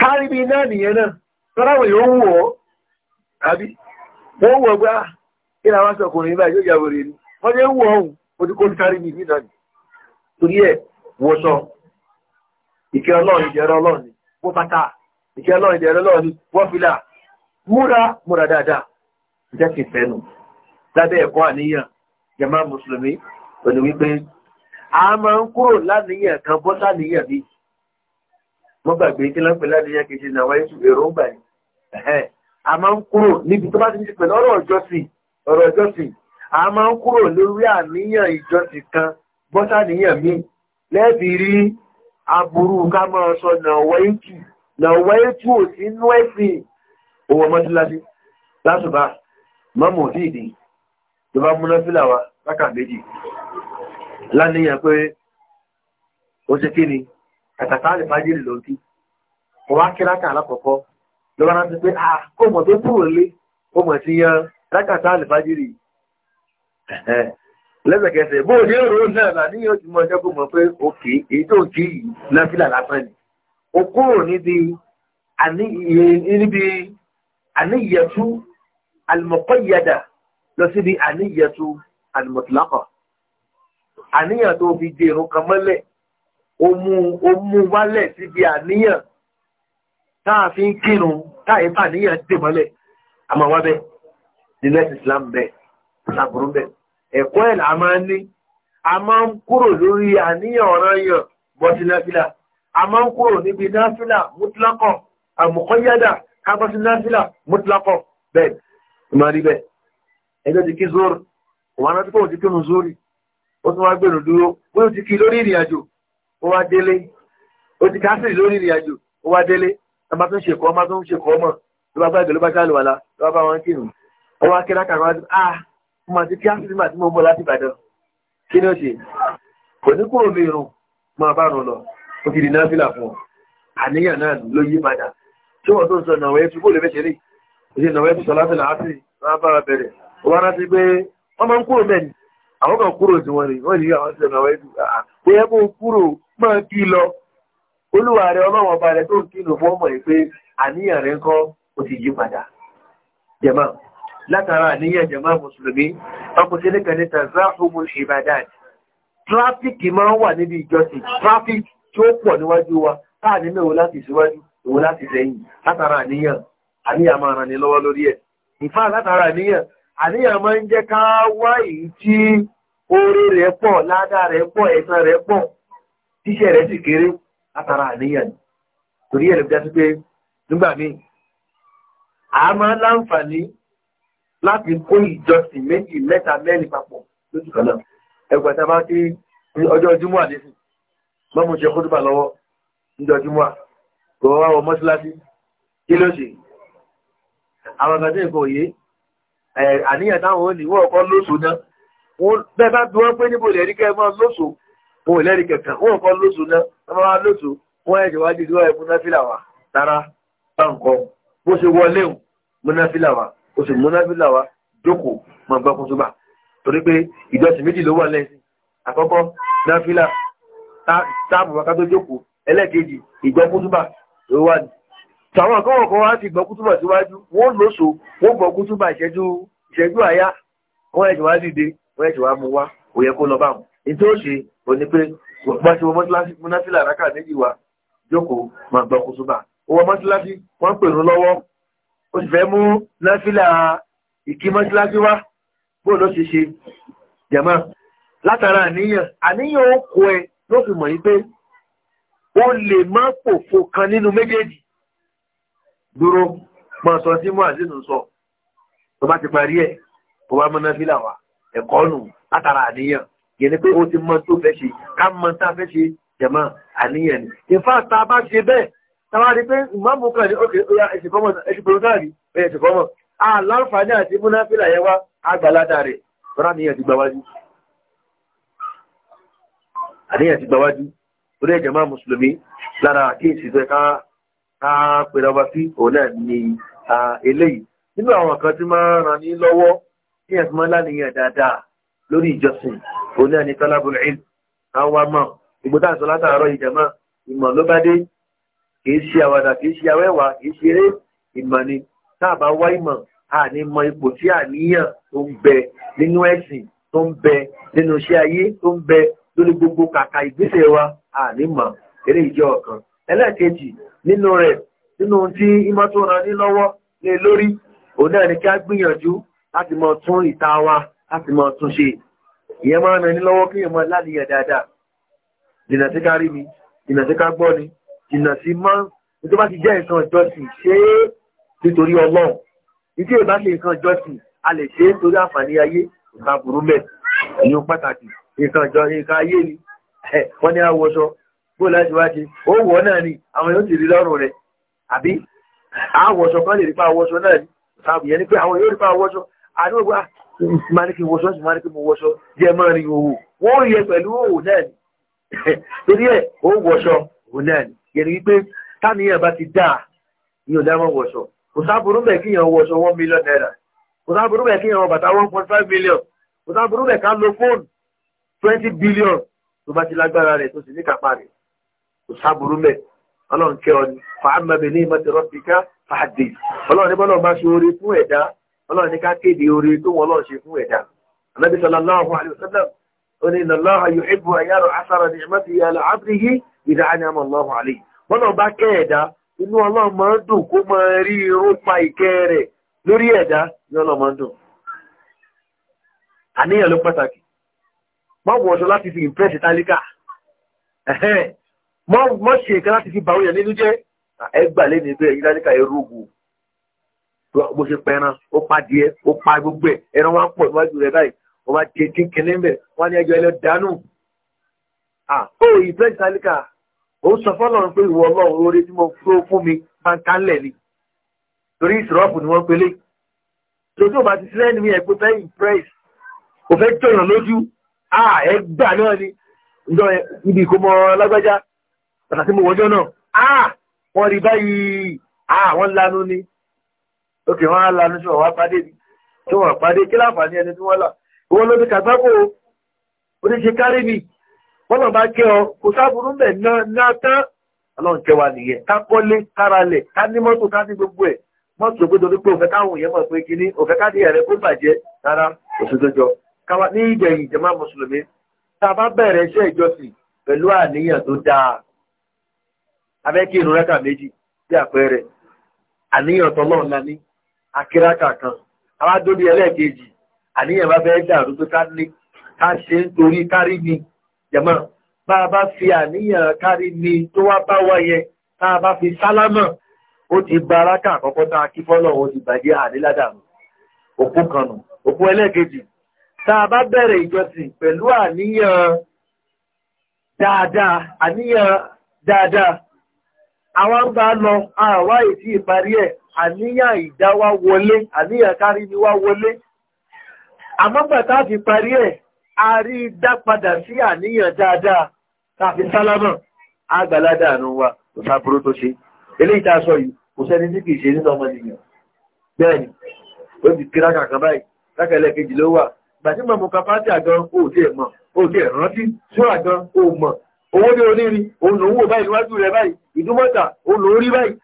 kárí bí náà nìyẹn náà tọ́láwọ̀ yóò wù ọ́ àbí wọ́n wọ̀ gbá báyìí yóò yàwó rẹ̀ ni wọ́n lè wù ọ́hùn ó ti kó kárí bí náà torí ẹ̀ ìkẹ́ wọ́n bàtà ìkẹ́ múra múra dáadáa ìjẹ́ ti lábẹ́ ẹ̀kọ́ àníyàn mùsùlùmí wípé a máa ń kúrò láníyàn kan mọ́ gbàgbé kí lọ́pẹ́ láti yẹ kìí ṣe ní àwọn èṣù èròǹgbà yìí a máa ń kúrò níbi tó bá ti ní pẹ̀lú ọ̀rọ̀ ìjọsìn ọ̀rọ̀ ìjọsìn a máa ń kúrò lórí àníyàn ìjọsìn kan bọ́sàníyàn míì lẹ́bi rí aburú ká máa sọ nàwọ́ ètù nàwọ́ ètù ò sí inú ẹ̀sìn owó ọmọdúnládé lásùbà mọ́mù òdì ìdí tó bá múná fílà wa lákà méjì láníyàn pé ó ṣe kí ni kàkàtà lè fájìrì ló ń kí mo wá kí rákà alákọ̀ọ́kọ́ ló bá rántí pé ah kó mọ̀ tó kúrò lé ó mọ̀ sí yan rákàtà lè fájìrì lẹ́sẹ̀kẹsẹ̀ bó ní èrò náà là ní yóò ti mọ ọjọ́ kó mọ̀ pé òkè èyí tó kí yìí náfìlà lásán ni ó kúrò níbi àníyẹ̀tú àlùmọ̀kọ́yẹ̀dà lọ síbi àníyẹ̀tú àlùmọ̀tìlákọ̀ àníyàn tó fi dèrò kan mọ́lẹ̀ ó mú wálẹ̀ síbi àníyàn táà fi ń kírun táà bá àníyàn dè mọ́lẹ̀ àmọ́ wá bẹ́ẹ̀ nílẹ̀ Islam bẹ́ẹ̀ sàbùrù bẹ́ẹ̀ ẹ̀kọ́ ẹ̀ là máa ń ní a máa ń kúrò lórí àníyàn ọ̀ràn yàn bọ́sínáfílà a máa ń kúrò níbi náfílà mútlákọ̀ àmùkọ́yádà kábọ́sínáfílà mútlákọ̀ bẹ́ẹ̀ ìmọ̀ rí bẹ́ẹ̀ ẹjọ́ ti kí zoro òun aná tí kò ti kírun zori ó tún wá gbèrò dúró wọ́n ti kí lórí ìrìn àjò ó wá délé ó ti kásìrì lórí ìrìn àjò ó wá délé ọba tó ń ṣèkọ́ ọba tó ń ṣèkọ́ ọmọ ló bá gbàgbé ló bá ṣàlùwà la ló bá bá wọn kí nù ó wá kẹ́lá kàkọ́ wájú ah mo máa ti kásìrì mà tí mo mọ̀ láti Ìbàdàn kí ni ó ṣe kò ní kúrò ní irun máa bá rùn lọ ó ti di náfìlà fún ọ àníyàn náà ló yí padà tí wọ́n tó ń sọ nàwẹ́ tí kò lè fẹ́ ṣe rí ìṣe nàwẹ́ tí sọláfẹ́ làásì máa bára bẹ̀rẹ̀ ó wá rántí pé wọ́n máa ń kúrò mẹ́ni àwọn kan kúrò tí wọ́n rí wọ́n ní àwọn ti sọ nàwẹ́ tí ah, kò yẹ kó kúrò gị kí lọ olúwa rẹ ọlọ́wọ́ ọba rẹ tó ń kí lò fọ́ọ̀mọ̀ ẹ̀ pé àníyàn rẹ ń kọ́ ó ibadat tráfíkì máa ń wà ijosi tí wa táà láti síwájú láti sẹ́yìn látara àníyàn àníyàn máa lọ́wọ́ lórí ẹ̀ látara àníyàn àníyàn máa ń jẹ́ ká wá èyí orí rẹ̀ pọ̀ ládá rẹ̀ pọ̀ ẹ̀san rẹ̀ pọ̀ tíṣẹ́ rẹ̀ sì kéré látara àníyàn torí ẹ̀rẹ̀ jẹ́ sí pé nígbà míì a máa láǹfààní láti kó ìjọsìn méjì mẹ́ta mẹ́rin papọ̀ lójú kan náà ẹgbẹ̀ta bá kí ọjọ́ júmọ́ àdésì mọ́mú ṣe kúrúbà lọ́wọ́ níjọ júmọ́ gọ̀ọ́wà wọ mọ́síláṣí kí ló ṣe àwọn ọ̀gá nǹkan òye àníyàn táwọn ò ní wọ́n kọ́ lóṣù náà bẹ́ẹ̀ bá bí wọ́n pé níbo lẹ́rí kẹ́ máa lóṣù wọn ò lẹ́rí kẹ̀kẹ́ wọn ò kọ́ lóṣù náà wọ́n máa lóṣù wọ́n ẹ̀jẹ̀ wá dìde wọ́n ẹ̀ múnáfílà wa tara bá ń kọ́ bó ṣe wọlé o múnáfílà wa o sì múnáfílà wa jókòó máa gbọ́ kó túbà torí pé ìjọsìn méjì ló wà lẹ́sìn àkọ́kọ́ náfílà táàbù wa ká tó jókòó ẹlẹ́ẹ̀kejì ìgbọ́ kó túbà ló wà ní. tàwọn akọ́wọ̀ kan ti gbọ́ kó túbà síwájú wọ́n lóṣù wọ́n gbọ́ kó túbà ìṣẹ́jú àyá wọ́n ẹ̀jẹ̀ wá dìde wọ́n ẹ̀jẹ̀ wá mú wá kò yẹ kó lọ bá wọn nítorí ó ṣe ò ní pé wọ́n ti wọ mọ́tíláṣí múnáfílà rákà méjì wá jókòó máa gbọ́ kùsùbà ó wọ mọ́tíláṣí wọ́n ń pèrún lọ́wọ́ ó sì fẹ́ mú náfílà ìkí mọ́tíláṣí wá bó ló ṣe ṣe jẹ̀mọ́ látara àníyàn àníyàn ó kó ẹ ló fi mọ̀ yí pé ó lè má pòfo kan nínú méjèèjì dúró mọ̀ sọ sí mọ́ àdínù sọ tó bá ti parí ẹ̀ kó bá mú ẹ̀kọ́ nù látara àníyàn yẹn ni pé ó ti mọ tó fẹ́ ṣe ká mọ tá a fẹ́ ṣe jẹ̀mọ́ àníyàn ni in fact tá a bá ṣe bẹ́ẹ̀ tá a bá rí pé ìmọ̀mù kan ní òkè ọya ẹ̀sìn fọ́mọ̀ ẹ̀sìn fọ́mọ̀ náà rí ẹ̀sìn fọ́mọ̀ aláǹfààní àti múnáfílà yẹn wá àgbàládà rẹ̀ àníyàn ti gbà orí ẹ̀jẹ̀ máa mùsùlùmí lára àkíyèsí fẹ́ ká pèrè ọba sí òun náà ni eléyìí nínú àwọn kan tí máa ń ní lọ́wọ́ kí ẹ̀sùn mọ́lá nìyẹn dáadáa lórí ìjọsìn òun náà ní tọ́lábùrù ìlú àwọn amọ̀ ìgbótá àṣọ látàárọ̀ ìjẹ̀mọ́ ìmọ̀ ló bá dé kìí ṣe àwàdà kìí ṣe awẹ́wà kìí ṣe eré ìmọ̀ ni táàbà wá ìmọ̀ a ní mọ ipò tí àníyàn tó ń bẹ nínú ẹ̀sìn tó ń bẹ nínú iṣẹ́ ayé tó ń bẹ lórí gbogbo kàkà ìgbésẹ̀ wa a mọ̀ eré ìjọ ọ̀kan ẹlẹ́ẹ̀kejì nínú rẹ̀ nínú tí ìmọ̀ tó ràn ní lọ́wọ́ lórí òun náà ni kí á gbìyànjú láti mọ̀ tún ìta wa láti mọ̀ tún ṣe ìyẹn máa ràn ní lọ́wọ́ kí èèmọ̀ láníyàn dáadáa jìnà sí kárí mi jìnà sí ká gbọ́ ni jìnà sí mọ́ nítorí bá ti jẹ́ nǹkan ìjọsìn ṣe é nítorí ọlọ́run nítorí ìbá ṣe nǹkan ìjọsìn a lè ṣe é nítorí àǹfààní ayé nǹkan burú mẹ́ ìyún pàtàkì nǹkan ìjọ nǹkan ayé ni wọ́n ní àwọṣọ bó láti wá ṣe ó wọ̀ náà ni àwọn yóò sì rí lọ́rùn rẹ̀ àbí àwọṣọ kan lè rí pa àwọṣọ náà ni sáàbù àdúgbà ìsìmáníkì wọṣọ ìsìmáníkì mo wọṣọ jẹ mọ́ rí owó wọ́n rí ẹ pẹ̀lú òwò náà ni torí ẹ̀ ó wọṣọ òwò náà ni yẹn ni wípé táníyàn bá ti dáa ní ọ̀dámọ̀ wọṣọ kò sáburú bẹ̀ kí yẹn wọṣọ one million naira kò sáburú bẹ̀ kí yẹn wọ bàtà one point five million kò sáburú bẹ̀ ká lo fóònù twenty billion tó bá ti lágbára rẹ̀ tó sì ní kápá rẹ̀ kò sáburú bẹ̀ ọlọ́run kẹ́ ọ ni fàámàbẹ̀ ní ìmọ̀tẹ̀rọ̀ ọlọ́run ní ká kéde oore tó wọ́n lọ́ọ́ ṣe fún ẹ̀dá anábì sallallahu alayhi wa sallam ó ní inna Allaha yuhibbu an yara asara ni'matihi ala abdihi idha an'ama Allahu alayhi bọ́lá bá kẹ́ ẹ̀dá inú ọlọ́run máa ń dùn kó máa rí irúpa ìkẹ́ rẹ̀ lórí ẹ̀dá ni ọlọ́run máa ń dùn àníyàn ló pàtàkì máa wọ̀ ọ̀ṣọ́ láti fi ìmpẹ́sì tálíkà mọ́ ṣe nǹkan láti fi bàwọ̀ yẹn nínú jẹ́ ẹgbàlẹ́ nígbẹ́ ìdáríkà ẹrú ogun bó ṣe pẹran ó pa díẹ̀ ó pa gbogbo ẹ̀ ẹran wá ń pọ̀ níwájú rẹ̀ báyìí wọ́n bá jẹ kínkínní ń bẹ̀ wọ́n ní ẹjọ́ ẹ lọ dànù. ó ìfẹ́ ìtàlíkà ó sọ fọ́lọ́run pé ìwọ ọlọ́run oore tí mo fún fún mi máa ń kálẹ̀ ni torí ìsìrọ́pù ni wọ́n pelé. tòótọ́ bá ti sílẹ̀ ní ẹgbẹ́ fẹ́ impress kò fẹ́ jọyàn lójú ẹgbà náà ni ibi ìkómọ ni òkè wọn á lanu tí wọn wá pàdé ni tí wọn pàdé kí láǹfààní ẹni tí wọn là wọn ló ti kàgbákò oníṣe kárí mi wọn lọ bá kẹ ọ kò sáburú mbẹ náà tán Ọlọ́run kẹ wa nìyẹn ká kọ́lé kára lẹ̀ ká ní mọ́tò ká ní gbogbo ẹ̀ mọ́tò tó gbódò wípé òfẹ́ káwọn èèyàn mọ̀ pé kíní òfẹ́ ká díẹ̀ rẹ̀ kó bàjẹ́ rárá òṣù tó jọ káwa ní ìgbẹ̀yìn ìjẹ̀má mùsùlùmí tá a bá bẹ̀rẹ̀ iṣẹ́ ìjọsìn pẹ̀lú àníyàn tó dáa abẹ́ kí irun rẹ́kà méjì sí àpẹẹrẹ àníyàn tọ́lọ́run la akíraka kan aládóbi ẹlẹ́ẹ̀kejì àníyàn bá fẹ́ dàrú pé ká ní ká ṣe ń torí kárí ni jẹ̀mọ́ bá a bá fi àníyàn kárí ni tó wá bá wá yẹn tá a bá fi sálámà ó ti ba aráka àkọ́kọ́ tá a kí fọ́lọ̀ ó ti bàjẹ́ àdéládàmú òkú kan nù òkú ẹlẹ́ẹ̀kejì tá a bá bẹ̀rẹ̀ ìjọsìn pẹ̀lú àníyàn dáadáa àníyàn dáadáa àwọn ń bá lọ àwá ìtí ìparí ẹ̀ àníyàn ìdá wá wọlé àníyàn kárí ni wá wọlé àmọ́gbàtà fi parí ẹ̀ a rí dá padà sí àníyàn dáadáa tàbí sálámà àgbàládà àánú wa kò sáburú tó ṣe eléyìí tá a sọ yìí kò sẹ́ni tí kìí ṣe nínú ọmọ ti kí rákà kan báyìí rákà ẹlẹ́kejì ló wà gbàtí mọ̀ mọ̀ kan fásitì àgan ó owó ní oníri òun lòun wò báyìí níwájú rẹ báyìí ìdúmọ̀tà òun lòun rí báyìí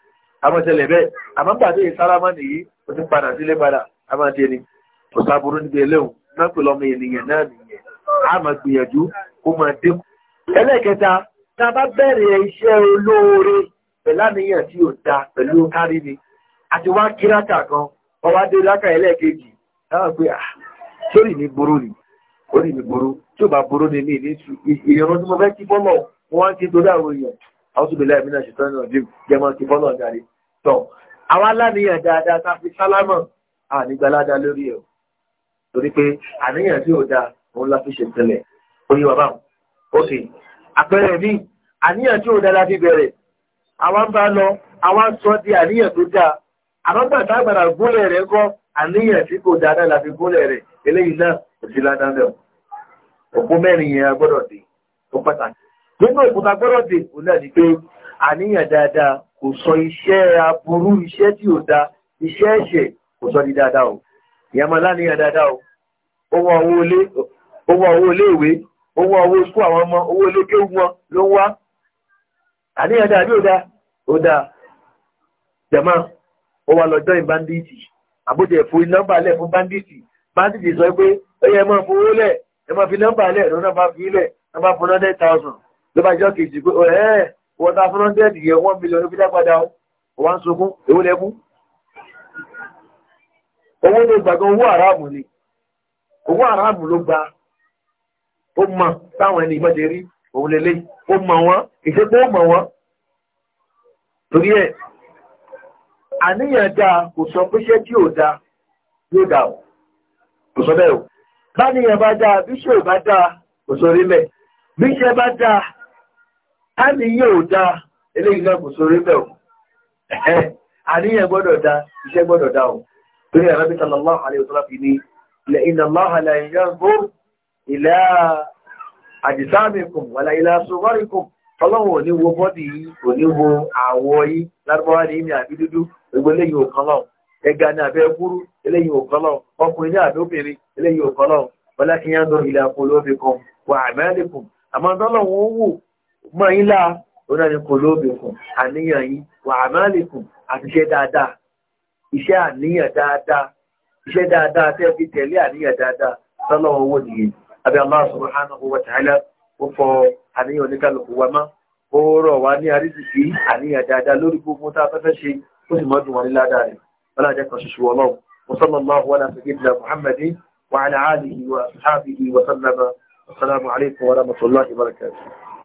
àmọ̀tẹ̀lẹ̀ bẹ́ẹ̀ àmọ́ gbà tó yẹ sáramá nìyí ó ti padà sílé padà a máa dẹni kò sáburú níbi ẹlẹ́hùn náà pẹ̀lú ọmọ ènìyàn náà nìyẹn a máa gbìyànjú kó máa dínkù. ẹlẹ́kẹta tá a bá bẹ̀rẹ̀ iṣẹ́ olóore pẹ̀lú àníyàn tí ò da pẹ̀lú kárí ni àti wá kíráàkà kan ọwá dé lákà ẹlẹ́kejì táwọn pé ah, sórí ní burú ni orí mi burú tí ó bá burú ni mi ní ìrọ̀rùn tí mo fẹ́ kí fọ́lọ̀ wọ́n á ti torí àwọn èèyàn àwọn tó bèèrè àmì náà ṣe tán náà jim jẹmọ ti fọ́lọ̀ jáde tọ̀ àwọn aláníyàn dáadáa tá a fi sálámọ̀ ànígbàládá lórí ẹ̀ torí pé àníyàn tí ò dáa òun la fi ṣe tẹ́lẹ̀ orí bàbá òkè àpẹẹrẹ mi àníyàn tí ò dáa la fi bẹ̀rẹ̀ àwa ń bá lọ àwa ń sọ di àníyàn tó dáa àwọn gbàgbà gbàdà gúnlẹ̀ rẹ̀ kọ́ àníyàn tí kò dáa náà la fi gúnlẹ̀ rẹ̀ eléyìí náà kò sí náà òpó mẹ́rin yẹn agbọ́dọ̀ dé ó pàtàkì nínú òkúta gbọ́dọ̀ dé òun náà ni pé àníyàn dáadáa kò sọ iṣẹ́ aburú iṣẹ́ tí ò da iṣẹ́ ẹ̀ṣẹ̀ kò sọ di dáadáa o ìyá máa láníyàn dáadáa o owó owó iléèwé owó owó sukú àwọn ọmọ owó ilékéwù wọn ló ń wá àníyàn dáadáa ó dáa ó dáa jẹ̀mọ́ ó wà lọ́jọ́ ìn bandits àbójẹ̀ fún nọ́mbà lẹ̀ fún bandits bandits sọ pé ó yẹ máa fowó lẹ̀ ẹ máa fi nọ́mbà lẹ̀ ló náà bá fi ilẹ̀ náà bá fún hundred thousand ló bá jọ kejì pé ọ̀ oh, ẹ́ wọ́n ta fún hundred yẹn one million ló fi dápadà ó wọ́n ń sunkún èwo lẹ́kú. owó ló gbàgbọ́ owó àràmù ni owó àràmù ló gba ó mọ táwọn ẹni ìbọn ṣe rí òun lélẹ̀ ó mọ wọn ìṣepọ̀ ó mọ wọn torí ẹ̀ àníyàn dáa kò sọ pé iṣẹ́ tí ò dáa yóò dáa kò sọ bẹ́ẹ̀ o. báníyàn ya dáa bíṣẹ́ bá dáa kò sórí mẹ́ bíṣẹ́ bá da káníyàn ò dáa eléyìí náà kò sórí mẹ́ o àníyàn gbọ́dọ̀ dáa iṣẹ́ o torí ẹ̀rọ Rabi sàlọ́lá àlẹ́ òtọ́lá fi ní ilẹ̀ iná láhàlà ọlọ́run ò ní wo bọ́dì yìí kò ní wo àwọ̀ yìí lárúbáwá ní ìmì àbí gbogbo ẹ̀gà ní abẹ́ gúrú eléyìí òkọ́lọ̀ ọkùnrin ní àbẹ́ obìnrin eléyìí òkọ́lọ̀ wọlé kí yá ń lọ ilẹ̀ akọlóbi kan wà àmẹ́lẹ́kùn àmọ́ tọ́lọ̀ wọn wò mọ́ yín láà oná kan àníyàn yín wà àmẹ́lẹ́kùn dáadáa iṣẹ́ àníyàn dáadáa iṣẹ́ dáadáa tẹ́ fi tẹ̀lé àníyàn dáadáa wò nìyẹn abẹ́ wa ta'ala ó fọ àníyàn wa mọ́ ó rọ̀ wá ní àrísìkí àníyàn dáadáa lórí gbogbo tá a fẹ́fẹ́ ṣe ó sì mọ́ فلا kan شو الله وصلى الله على سيدنا محمد وعلى آله وأصحابه وسلم السلام عليكم ورحمة الله وبركاته